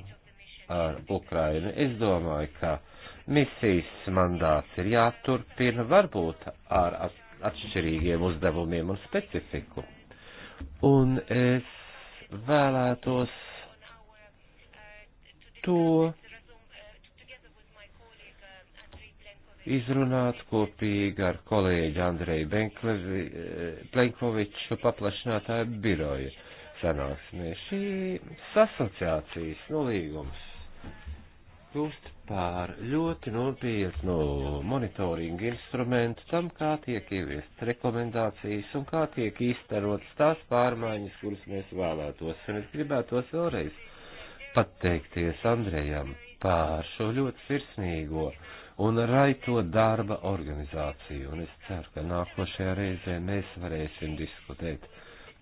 ar Ukrainu. Es domāju, ka misijas mandāts ir jāturpina varbūt ar atšķirīgiem uzdevumiem un specifiku. Un es vēlētos to izrunāt kopīgi ar kolēģi Andreju Benklevi, eh, Plenkoviču paplašinātāju biroju sanāksmē. Šī asociācijas nolīgums kļūst pār ļoti nopietnu monitoringu instrumentu tam, kā tiek ieviest rekomendācijas un kā tiek īstenotas tās pārmaiņas, kuras mēs vēlētos. Un es gribētos vēlreiz pateikties Andrejam pār šo ļoti sirsnīgo uh, un raito darba organizāciju. Un es ceru, ka nākošajā reizē mēs varēsim diskutēt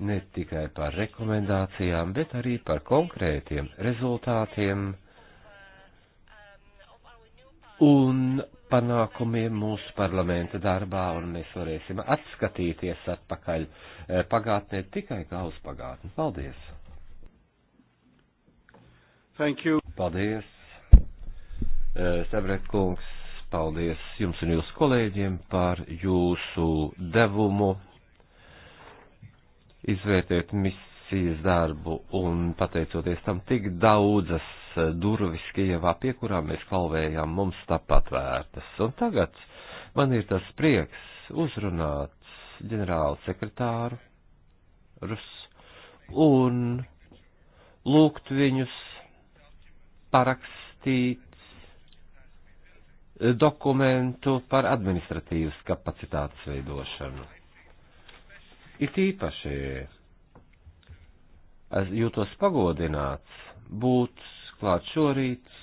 ne tikai par rekomendācijām, bet arī par konkrētiem rezultātiem un panākumiem mūsu parlamenta darbā, un mēs varēsim atskatīties atpakaļ eh, pagātnē tikai kā uz pagātni. Paldies! Thank you. Paldies, eh, Sebret kungs paldies jums un jūsu kolēģiem par jūsu devumu izvērtēt misijas darbu un pateicoties tam tik daudzas durvis Kievā, pie kurām mēs kalvējām, mums tāpat vērtas. Un tagad man ir tas prieks uzrunāt ģenerālu sekretāru Rus un lūgt viņus parakstīt dokumentu par administratīvas kapacitātes veidošanu. It īpaši es jūtos pagodināts būt klāt šorīt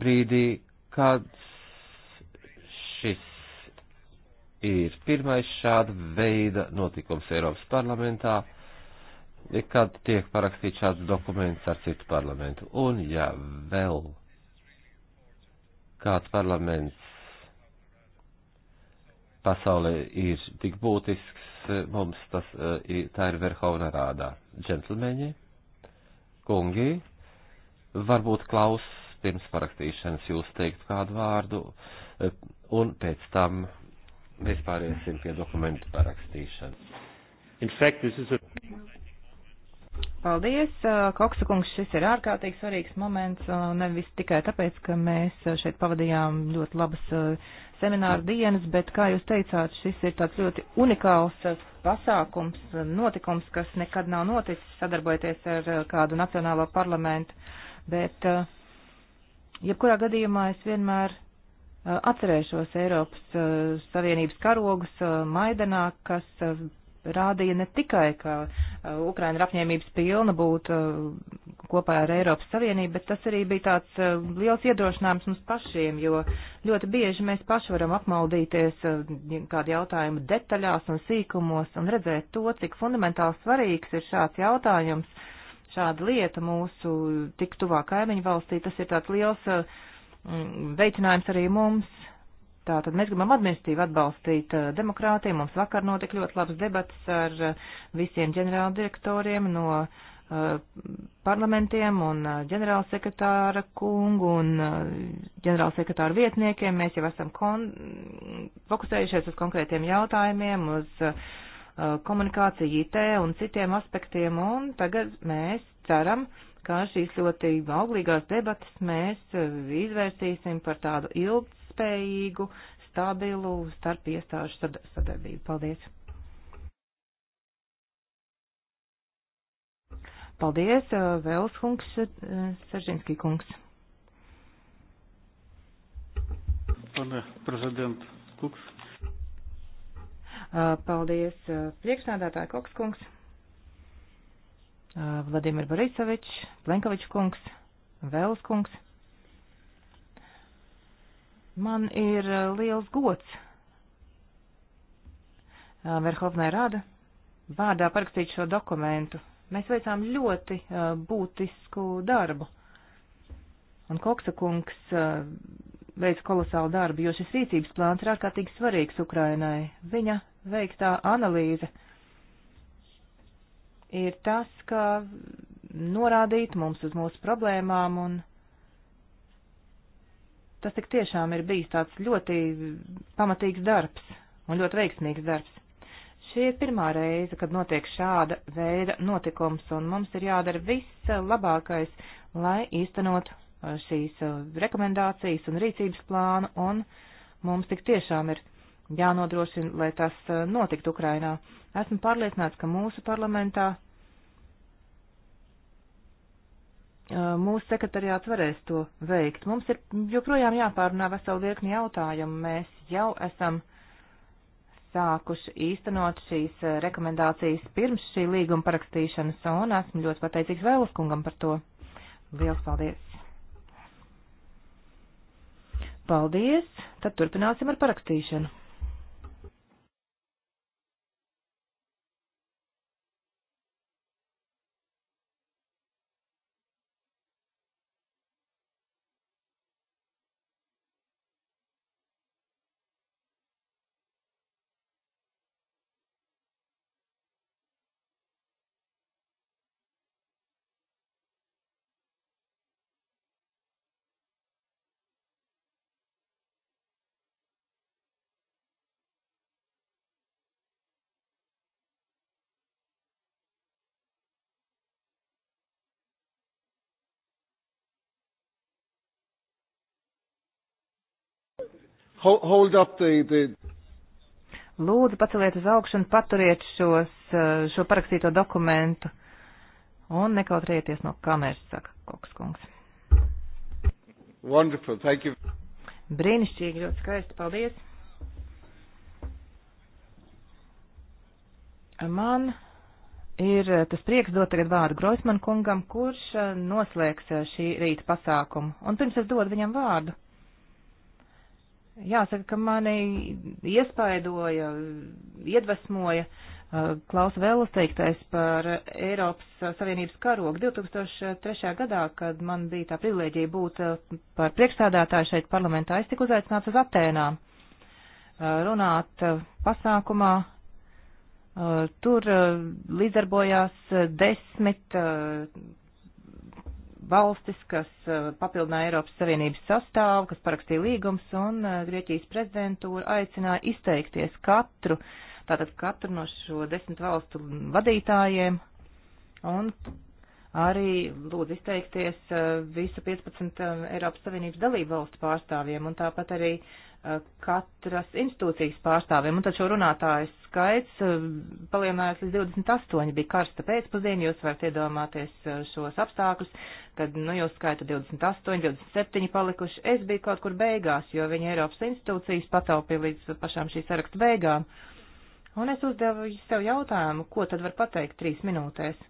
brīdī, kad šis ir pirmais šāda veida notikums Eiropas parlamentā kad tiek parakstīts šāds dokuments ar citu parlamentu. Un ja vēl kāds parlaments pasaulē ir tik būtisks, eh, mums tas, eh, tā ir Verhovna rādā. Džentlmeņi, kungi, varbūt klaus pirms parakstīšanas jūs teikt kādu vārdu, eh, un pēc tam mēs pāriesim pie dokumentu parakstīšanas. In fact, this is a... Paldies, uh, Koksa kungs, šis ir ārkārtīgi svarīgs moments, uh, nevis tikai tāpēc, ka mēs uh, šeit pavadījām ļoti labas semināru dienas, bet, kā jūs teicāt, šis ir tāds ļoti unikāls pasākums, notikums, kas nekad nav noticis, sadarbojoties ar kādu nacionālo parlamentu, bet, jebkurā gadījumā es vienmēr atcerēšos Eiropas Savienības karogus Maidanā, kas rādīja ne tikai, ka uh, Ukraina ir apņēmības pilna būt uh, kopā ar Eiropas Savienību, bet tas arī bija tāds uh, liels iedrošinājums mums pašiem, jo ļoti bieži mēs paši varam apmaldīties kādu jautājumu detaļās un sīkumos un redzēt to, cik fundamentāli svarīgs ir šāds jautājums, šāda lieta mūsu tik tuvā kaimiņu valstī. Tas ir tāds liels mm, veicinājums arī mums Tātad mēs gribam administīvi atbalstīt demokrātiju. Mums vakar notika ļoti labs debats ar visiem ģenerāldirektoriem no parlamentiem un ģenerālsekretāra kungu un ģenerālsekretāra vietniekiem. Mēs jau esam kon fokusējušies uz konkrētiem jautājumiem, uz komunikāciju, IT un citiem aspektiem, un tagad mēs ceram, ka šīs ļoti auglīgās debatas mēs izvērsīsim par tādu ilgu ilgtspējīgu, stabilu starp iestāžu sadarbību. Paldies! Paldies, uh, Vēls kungs, uh, Seržinski kungs. Pane prezident Kuks. Uh, paldies, priekšnādātāja Koks kungs. Vladimir Borisovičs, Plenkovičs kungs, Vēls kungs. Man ir eh, liels gods eh, Verhovnai Rāda vārdā parakstīt šo dokumentu. Mēs veicām ļoti eh, būtisku darbu. Un Koksa kungs veic kolosālu darbu, jo šis rīcības plāns ir ārkārtīgi svarīgs Ukrainai. Viņa veiktā analīze ir tas, ka norādīt mums uz mūsu problēmām un Tas tik tiešām ir bijis tāds ļoti pamatīgs darbs un ļoti veiksmīgs darbs. Šī ir pirmā reize, kad notiek šāda veida notikums, un mums ir jādara viss labākais, lai īstenot uh, šīs uh, rekomendācijas un rīcības plānu, un mums tik tiešām ir jānodrošina, lai tas uh, notiktu Ukrainā. Esmu pārliecināts, ka mūsu parlamentā mūsu sekretariāts varēs to veikt. Mums ir joprojām jāpārunā veselu virkni jautājumu. Mēs jau esam sākuši īstenot šīs rekomendācijas pirms šī līguma parakstīšanas, un esmu ļoti pateicīgs Vēlas kungam par to. Liels paldies! Paldies! Tad turpināsim ar parakstīšanu. Hold up the, the... Lūdzu, paceliet uz augšu un paturiet šos, eh, šo parakstīto dokumentu un nekautrējieties no kameras, saka Koks kungs. Wonderful, thank you. Brīnišķīgi, ļoti skaisti, paldies. Man ir eh, tas prieks dot tagad vārdu Groisman kungam, kurš eh, noslēgs šī rīta pasākumu. Un pirms es dodu viņam vārdu. Jāsaka, ka mani iespaidoja, iedvesmoja uh, Klaus Vēlas teiktais par Eiropas Savienības karogu 2003. gadā, kad man bija tā privilēģija būt uh, par priekšstādātāju šeit parlamentā. Es tiku uzaicināts uz Atēnām uh, runāt pasākumā. Tur līdzdarbojās desmit valstis, kas uh, papildināja Eiropas Savienības sastāvu, kas parakstīja līgums, un uh, Grieķijas prezidentūra aicināja izteikties katru, tātad katru no šo desmit valstu vadītājiem, un arī lūdzu izteikties uh, visu 15 um, Eiropas Savienības dalību valstu pārstāvjiem, un tāpat arī uh, Eh, katras institūcijas pārstāvjiem, un tad šo runātāju skaits eh, palielinājās līdz 28, bija karsta pēcpusdiena, jūs varat iedomāties eh, šos apstākļus, tad, nu, jūs skaita 28, 27 palikuši, es biju kaut kur beigās, jo viņa Eiropas institūcijas pataupīja līdz pašām šī saraksta beigām, un es uzdevu sev jautājumu, ko tad var pateikt trīs minūtēs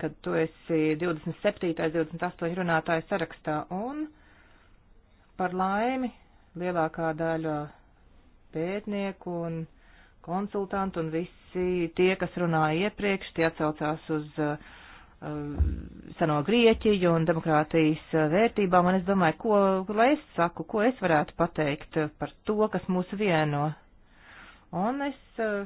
kad tu esi 27. 28 runātāju sarakstā, un par laimi lielākā daļa pētnieku un konsultantu un visi tie, kas runāja iepriekš, tie atsaucās uz uh, uh seno Grieķiju un demokrātijas uh, vērtībām, un es domāju, ko, lai es saku, ko es varētu pateikt par to, kas mūs vieno. Un es uh,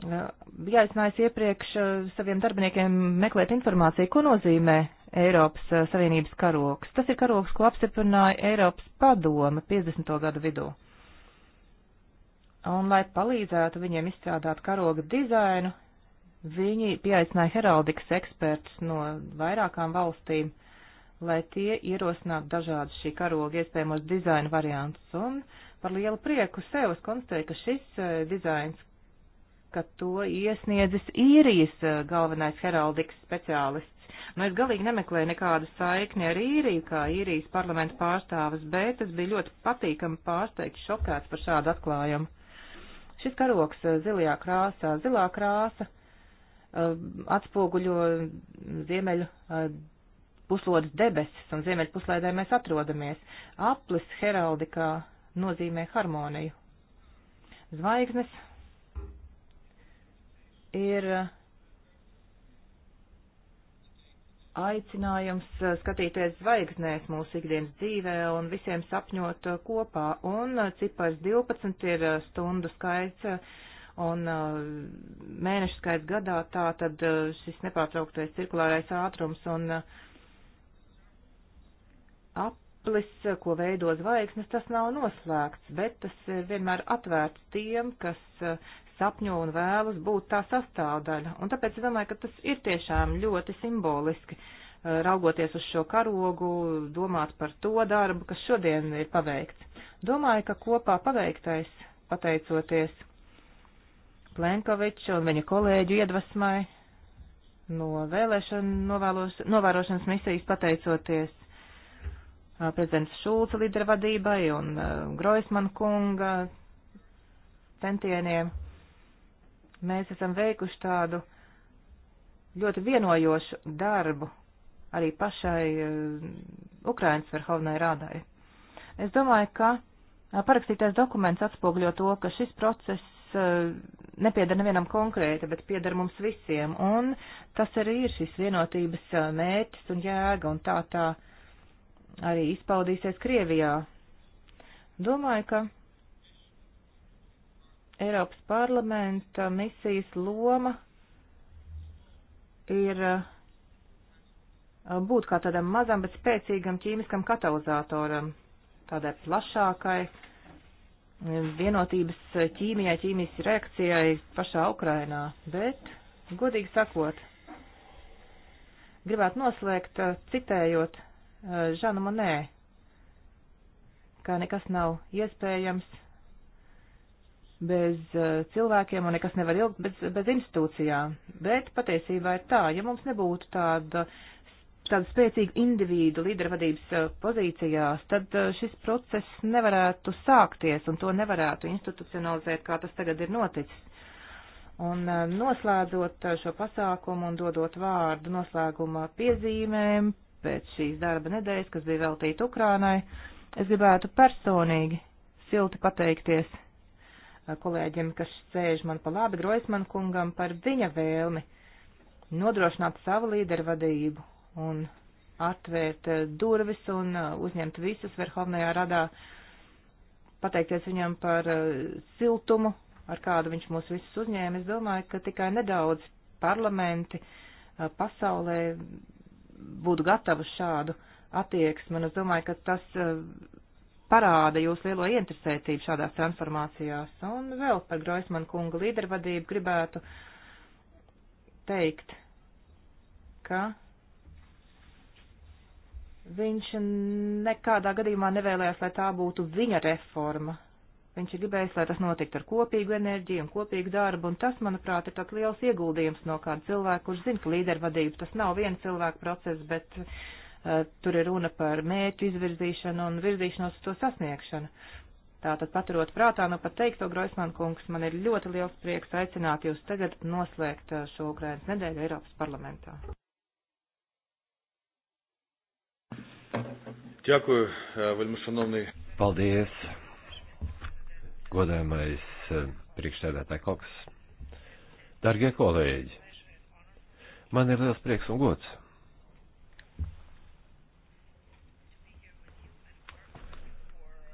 biju uh, aicinājusi iepriekš saviem darbiniekiem meklēt informāciju, ko nozīmē Eiropas eh, Savienības karoks. Tas ir karoks, ko apstiprināja Eiropas padoma 50. gadu vidū. Un, lai palīdzētu viņiem izstrādāt karoga dizainu, viņi pieaicināja heraldikas ekspertus no vairākām valstīm, lai tie ierosinātu dažādus šī karoga iespējamos dizaina variantus. Un par lielu prieku sev es konstatēju, ka šis eh, dizains, ka to iesniedzis īrijas eh, galvenais heraldikas speciālists. Nu, es galīgi nemeklēju nekādu saikni ar īriju, kā īrijas parlamentu pārstāvis, bet es biju ļoti patīkami pārsteigts, šokēts par šādu atklājumu. Šis karoks eh, zilajā krāsā, zilā krāsa eh, atspoguļo ziemeļu puslodes debesis, un ziemeļu puslēdē mēs atrodamies. Aplis heraldikā nozīmē harmoniju. Zvaigznes ir uh, aicinājums uh, skatīties zvaigznēs mūsu ikdienas dzīvē un visiem sapņot uh, kopā. Un cipars 12 ir stundu skaits un mēnešu skaits gadā, tā tad šis nepārtrauktais cirkulārais ātrums un aplis, ko veido zvaigznes, tas nav noslēgts, bet tas ir vienmēr atvērts tiem, kas sapņo un vēlas būt tā sastāvdaļa. Un tāpēc es domāju, ka tas ir tiešām ļoti simboliski eh, raugoties uz šo karogu, domāt par to darbu, kas šodien ir paveikts. Domāju, ka kopā paveiktais, pateicoties Plenkoviča un viņa kolēģu iedvesmai, no vēlēšana novērošanas misijas pateicoties eh, prezidents Šulca līdera vadībai un eh, Groisman kunga centieniem Mēs esam veikuši tādu ļoti vienojošu darbu arī pašai eh, Ukrainas Verhovnai rādai. Es domāju, ka eh, parakstītais dokuments atspogļo to, ka šis process eh, nepiedara nevienam konkrēti, bet piedara mums visiem, un tas arī ir šis vienotības mērķis un jēga, un tā tā arī izpaudīsies Krievijā. Domāju, ka Eiropas parlamenta misijas loma ir uh, būt kā tādam mazam, bet spēcīgam ķīmiskam katalizatoram, tādai plašākai um, vienotības ķīmijai, ķīmijas reakcijai pašā Ukrainā. Bet, godīgi sakot, gribētu noslēgt uh, citējot uh, Žanu Monē, kā nekas nav iespējams bez eh, cilvēkiem un nekas nevar ilgt bez, bez institūcijām. Bet patiesībā ir tā, ja mums nebūtu tāda, tāda spēcīga individu līdervadības eh, pozīcijās, tad eh, šis process nevarētu sākties un to nevarētu institucionalizēt, kā tas tagad ir noticis. Un noslēdzot šo pasākumu un dodot vārdu noslēguma piezīmēm pēc šīs darba nedēļas, kas bija veltīta Ukrānai, es gribētu personīgi silti pateikties kolēģim, kas sēž man pa labi Groisman kungam par viņa vēlmi nodrošināt savu līderu vadību un atvērt durvis un uzņemt visus Verhovnajā radā, pateikties viņam par siltumu, ar kādu viņš mūs visus uzņēma. Es domāju, ka tikai nedaudz parlamenti pasaulē būtu gatavi šādu attieksmi, un es domāju, ka tas parāda jūsu lielo interesētību šādās transformācijās. Un vēl par Groismanu kunga līdervadību gribētu teikt, ka viņš nekādā gadījumā nevēlējās, lai tā būtu viņa reforma. Viņš ir gribējis, lai tas notiktu ar kopīgu enerģiju un kopīgu darbu, un tas, manuprāt, ir tāds liels ieguldījums no kāda cilvēka, kurš zina, ka līdervadība tas nav viena cilvēka process, bet uh, Eh, tur ir runa par mērķu izvirzīšanu un virzīšanos uz to sasniegšanu. Tātad paturot prātā no nu pat teikto, Groisman kungs, man ir ļoti liels prieks aicināt jūs tagad noslēgt eh, šo Ukrainas nedēļu Eiropas parlamentā. Дякую, вельмишановний. Eh, Paldies, godājumais priekšstādātāja Koks. Dargie kolēģi, man ir liels prieks un gods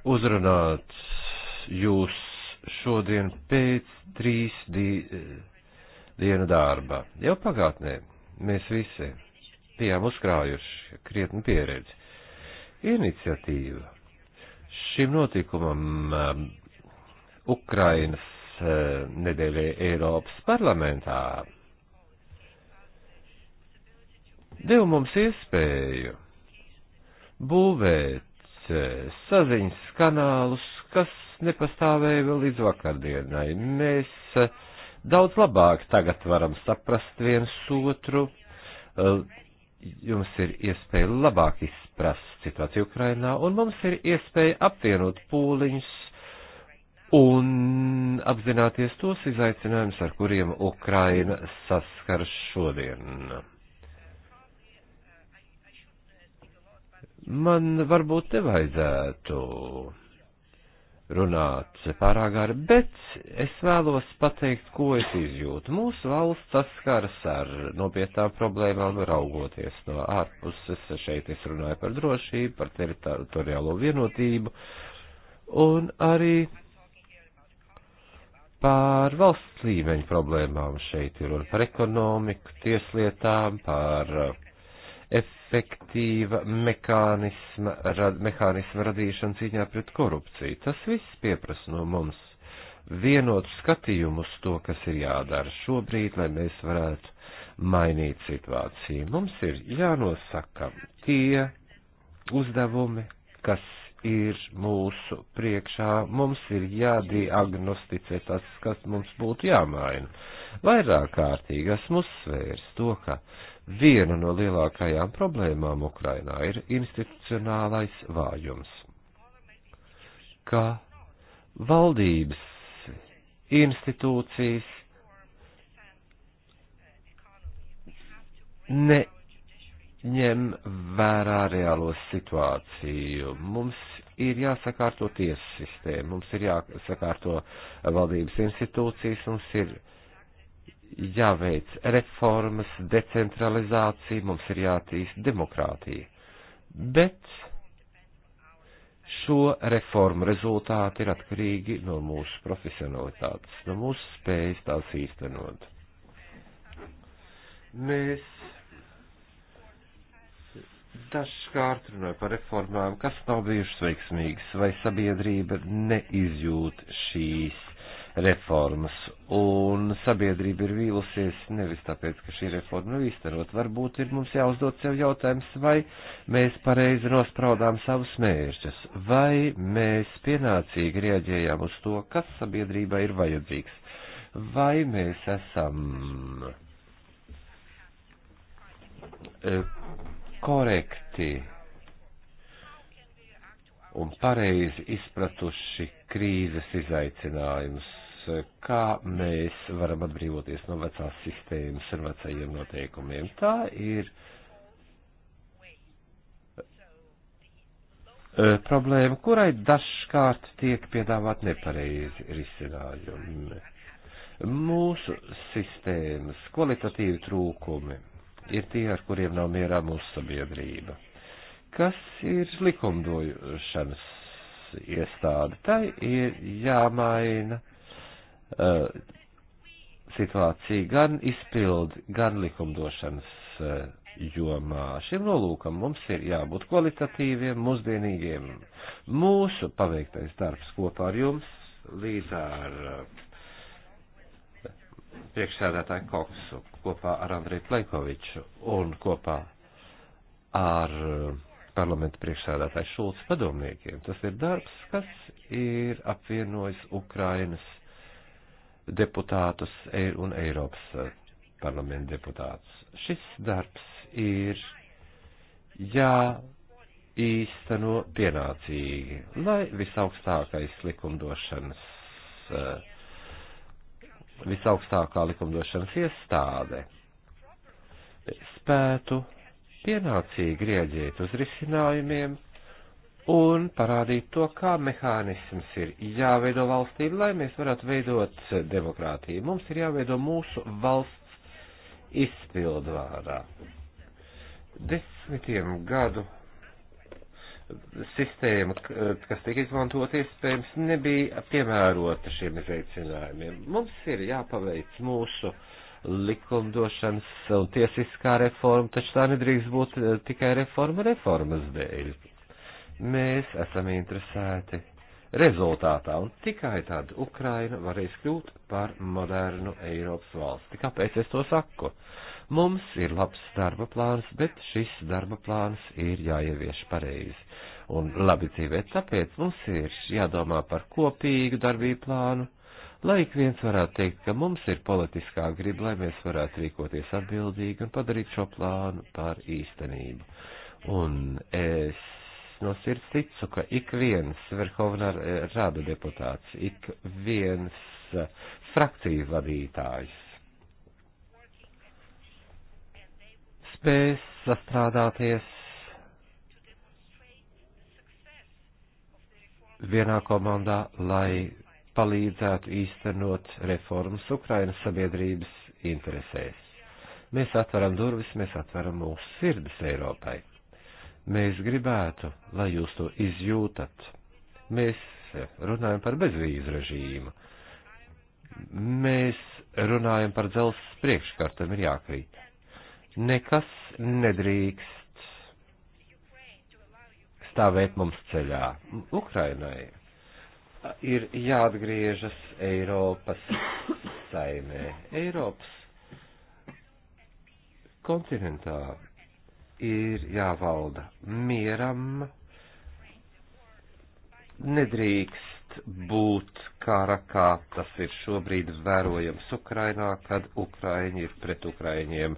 uzrunāt jūs šodien pēc trīs di dienu darba. Jau pagātnē mēs visi bijām uzkrājuši krietni pieredzi. Iniciatīva šim notikumam um, Ukrainas uh, nedēļē Eiropas parlamentā deva mums iespēju būvēt Eh, saziņas kanālus, kas nepastāvēja vēl līdz vakardienai. Mēs eh, daudz labāk tagad varam saprast viens otru. Eh, jums ir iespēja labāk izprast situāciju Ukrainā, un mums ir iespēja apvienot pūliņus un apzināties tos izaicinājumus, ar kuriem Ukraina saskar šodien. man varbūt nevajadzētu runāt pārāk gari, bet es vēlos pateikt, ko es izjūtu. Mūsu valsts saskaras ar nopietnām problēmām, raugoties no ārpuses. Šeit es runāju par drošību, par teritoriālo vienotību un arī par valsts līmeņu problēmām šeit ir un par ekonomiku, tieslietām, par uh, efektīva mehānisma, rad, mehānisma radīšana cīņā pret korupciju. Tas viss pieprasa no mums vienotu skatījumu uz to, kas ir jādara šobrīd, lai mēs varētu mainīt situāciju. Mums ir jānosaka tie uzdevumi, kas ir mūsu priekšā, mums ir jādiagnosticē tas, kas mums būtu jāmaina. Vairāk kārtīgi esmu uzsvērs to, ka Viena no lielākajām problēmām Ukrainā ir institucionālais vājums. Kā valdības institūcijas neņem vērā reālo situāciju. Mums ir jāsakārto tiesu sistēma, mums ir jāsakārto valdības institūcijas, mums ir jāveic reformas, decentralizācija, mums ir jātīst demokrātija. Bet šo reformu rezultāti ir atkarīgi no mūsu profesionalitātes, no mūsu spējas tās īstenot. Mēs dažkārt runājam par reformām, kas nav bijušas veiksmīgas, vai sabiedrība neizjūt šīs reformas, un sabiedrība ir vīlusies nevis tāpēc, ka šī reforma nav īstenot. Varbūt ir mums jāuzdod sev jautājums, vai mēs pareizi nospraudām savus mērķus, vai mēs pienācīgi rieģējām uz to, kas sabiedrībai ir vajadzīgs, vai mēs esam e, korekti un pareizi izpratuši krīzes izaicinājumus kā mēs varam atbrīvoties no vecās sistēmas un vecajiem noteikumiem. Tā ir e, problēma, kurai dažkārt tiek piedāvāt nepareizi risinājumi. Mūsu sistēmas kvalitatīvi trūkumi ir tie, ar kuriem nav mierā mūsu sabiedrība. Kas ir likumdošanas iestāde? Tai ir jāmaina uh, situācija gan izpildi, gan likumdošanas uh, jomā. Šim nolūkam mums ir jābūt kvalitatīviem, mūsdienīgiem. Mūsu paveiktais darbs kopā ar jums līdz ar uh, priekšsēdētāju Koksu, kopā ar Andreju Pleikoviču un kopā ar uh, parlamenta priekšsēdētāju Šulcu padomniekiem. Tas ir darbs, kas ir apvienojis Ukrainas deputātus un Eiropas eh, parlamenta deputātus. Šis darbs ir jāīsteno pienācīgi, lai visaugstākais likumdošanas, eh, visaugstākā likumdošanas iestāde spētu pienācīgi rieģēt uz risinājumiem, un parādīt to, kā mehānisms ir jāveido valstī, lai mēs varētu veidot demokrātiju. Mums ir jāveido mūsu valsts izpildvārā. Desmitiem gadu sistēma, kas tika izmantota, iespējams, nebija piemērota šiem izaicinājumiem. Mums ir jāpaveic mūsu likumdošanas un tiesiskā reforma, taču tā nedrīkst būt tikai reforma reformas dēļ mēs esam interesēti rezultātā, un tikai tad Ukraina varēs kļūt par modernu Eiropas valsti. Kāpēc es to saku? Mums ir labs darba plāns, bet šis darba plāns ir jāievieš pareizi. Un labi dzīvēt, tāpēc mums ir jādomā par kopīgu darbību plānu, lai ik viens varētu teikt, ka mums ir politiskā griba, lai mēs varētu rīkoties atbildīgi un padarīt šo plānu par īstenību. Un es no sirds ticu, ka ik viens Verhovna rādu eh, deputāts, ik viens eh, frakciju vadītājs spēs sastrādāties vienā komandā, lai palīdzētu īstenot reformas Ukrainas sabiedrības interesēs. Mēs atveram durvis, mēs atveram mūsu sirdis Eiropai. Mēs gribētu, lai jūs to izjūtat. Mēs runājam par bezvīzu režīmu. Mēs runājam par dzelzs priekškartam ir jākrīt. Nekas nedrīkst stāvēt mums ceļā. Ukrainai ir jāatgriežas Eiropas saimē. Eiropas kontinentā ir jāvalda mieram, nedrīkst būt kara, kā tas ir šobrīd vērojams Ukrainā, kad Ukraiņi ir pret Ukraiņiem.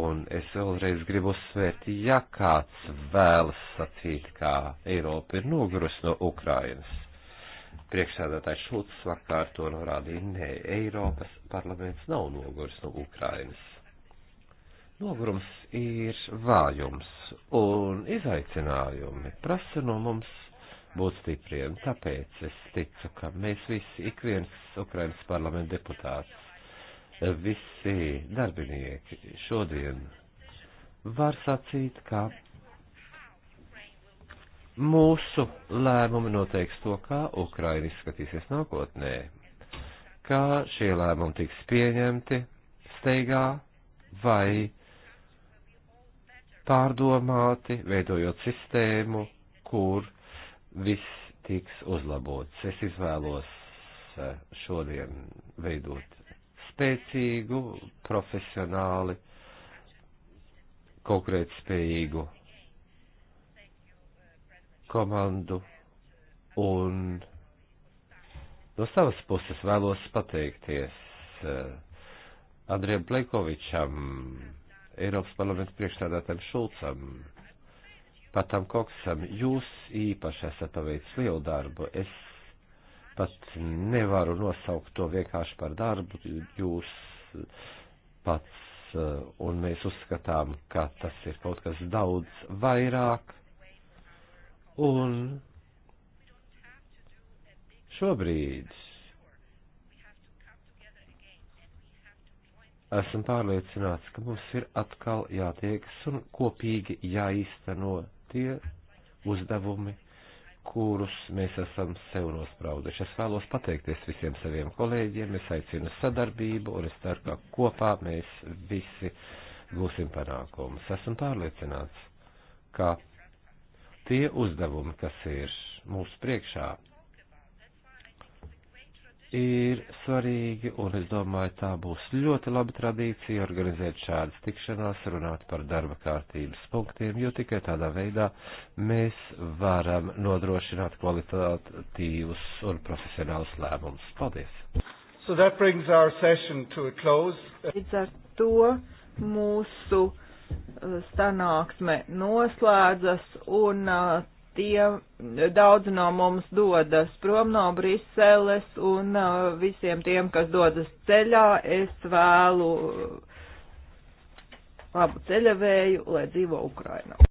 Un es vēlreiz gribu uzsvērt, ja kāds vēlas sacīt, kā Eiropa ir nogurus no Ukrainas. Priekšsēdētājs Šulcs vakar to norādīja, nē, Eiropas parlaments nav nogurus no Ukrainas. Nogurums ir vājums, un izaicinājumi prasa no mums būt stipriem. Tāpēc es ticu, ka mēs visi, ik viens Ukrainas parlamenta deputāts, visi darbinieki šodien var sacīt, ka mūsu lēmumi noteiks to, kā Ukraina izskatīsies nākotnē, kā šie lēmumi tiks pieņemti steigā vai pārdomāti, veidojot sistēmu, kur viss tiks uzlabots. Es izvēlos eh, šodien veidot spēcīgu, profesionāli, konkurētspējīgu komandu un no savas puses vēlos pateikties eh, Andriem Plekovičam, Eiropas parlamenta priekšstādātājiem Šulcam, patam Koksam, jūs īpaši esat paveicis lielu darbu. Es pat nevaru nosaukt to vienkārši par darbu. Jūs pats, eh, un mēs uzskatām, ka tas ir kaut kas daudz vairāk. Un šobrīd esmu pārliecināts, ka mums ir atkal jātiekas un kopīgi jāīsteno tie uzdevumi, kurus mēs esam sev nosprauduši. Es vēlos pateikties visiem saviem kolēģiem, es aicinu sadarbību un es ceru, ka kopā mēs visi gūsim panākumus. Esmu pārliecināts, ka tie uzdevumi, kas ir mūsu priekšā, ir svarīgi, un es domāju, tā būs ļoti laba tradīcija organizēt šādas tikšanās, runāt par darba kārtības punktiem, jo tikai tādā veidā mēs varam nodrošināt kvalitatīvus un profesionālus lēmumus. Paldies! So that brings our session to a close. Līdz ar to mūsu uh, sanāksme noslēdzas un uh, tie daudz no mums dodas prom no Briseles un uh, visiem tiem, kas dodas ceļā, es vēlu uh, labu ceļavēju, lai dzīvo Ukrainā.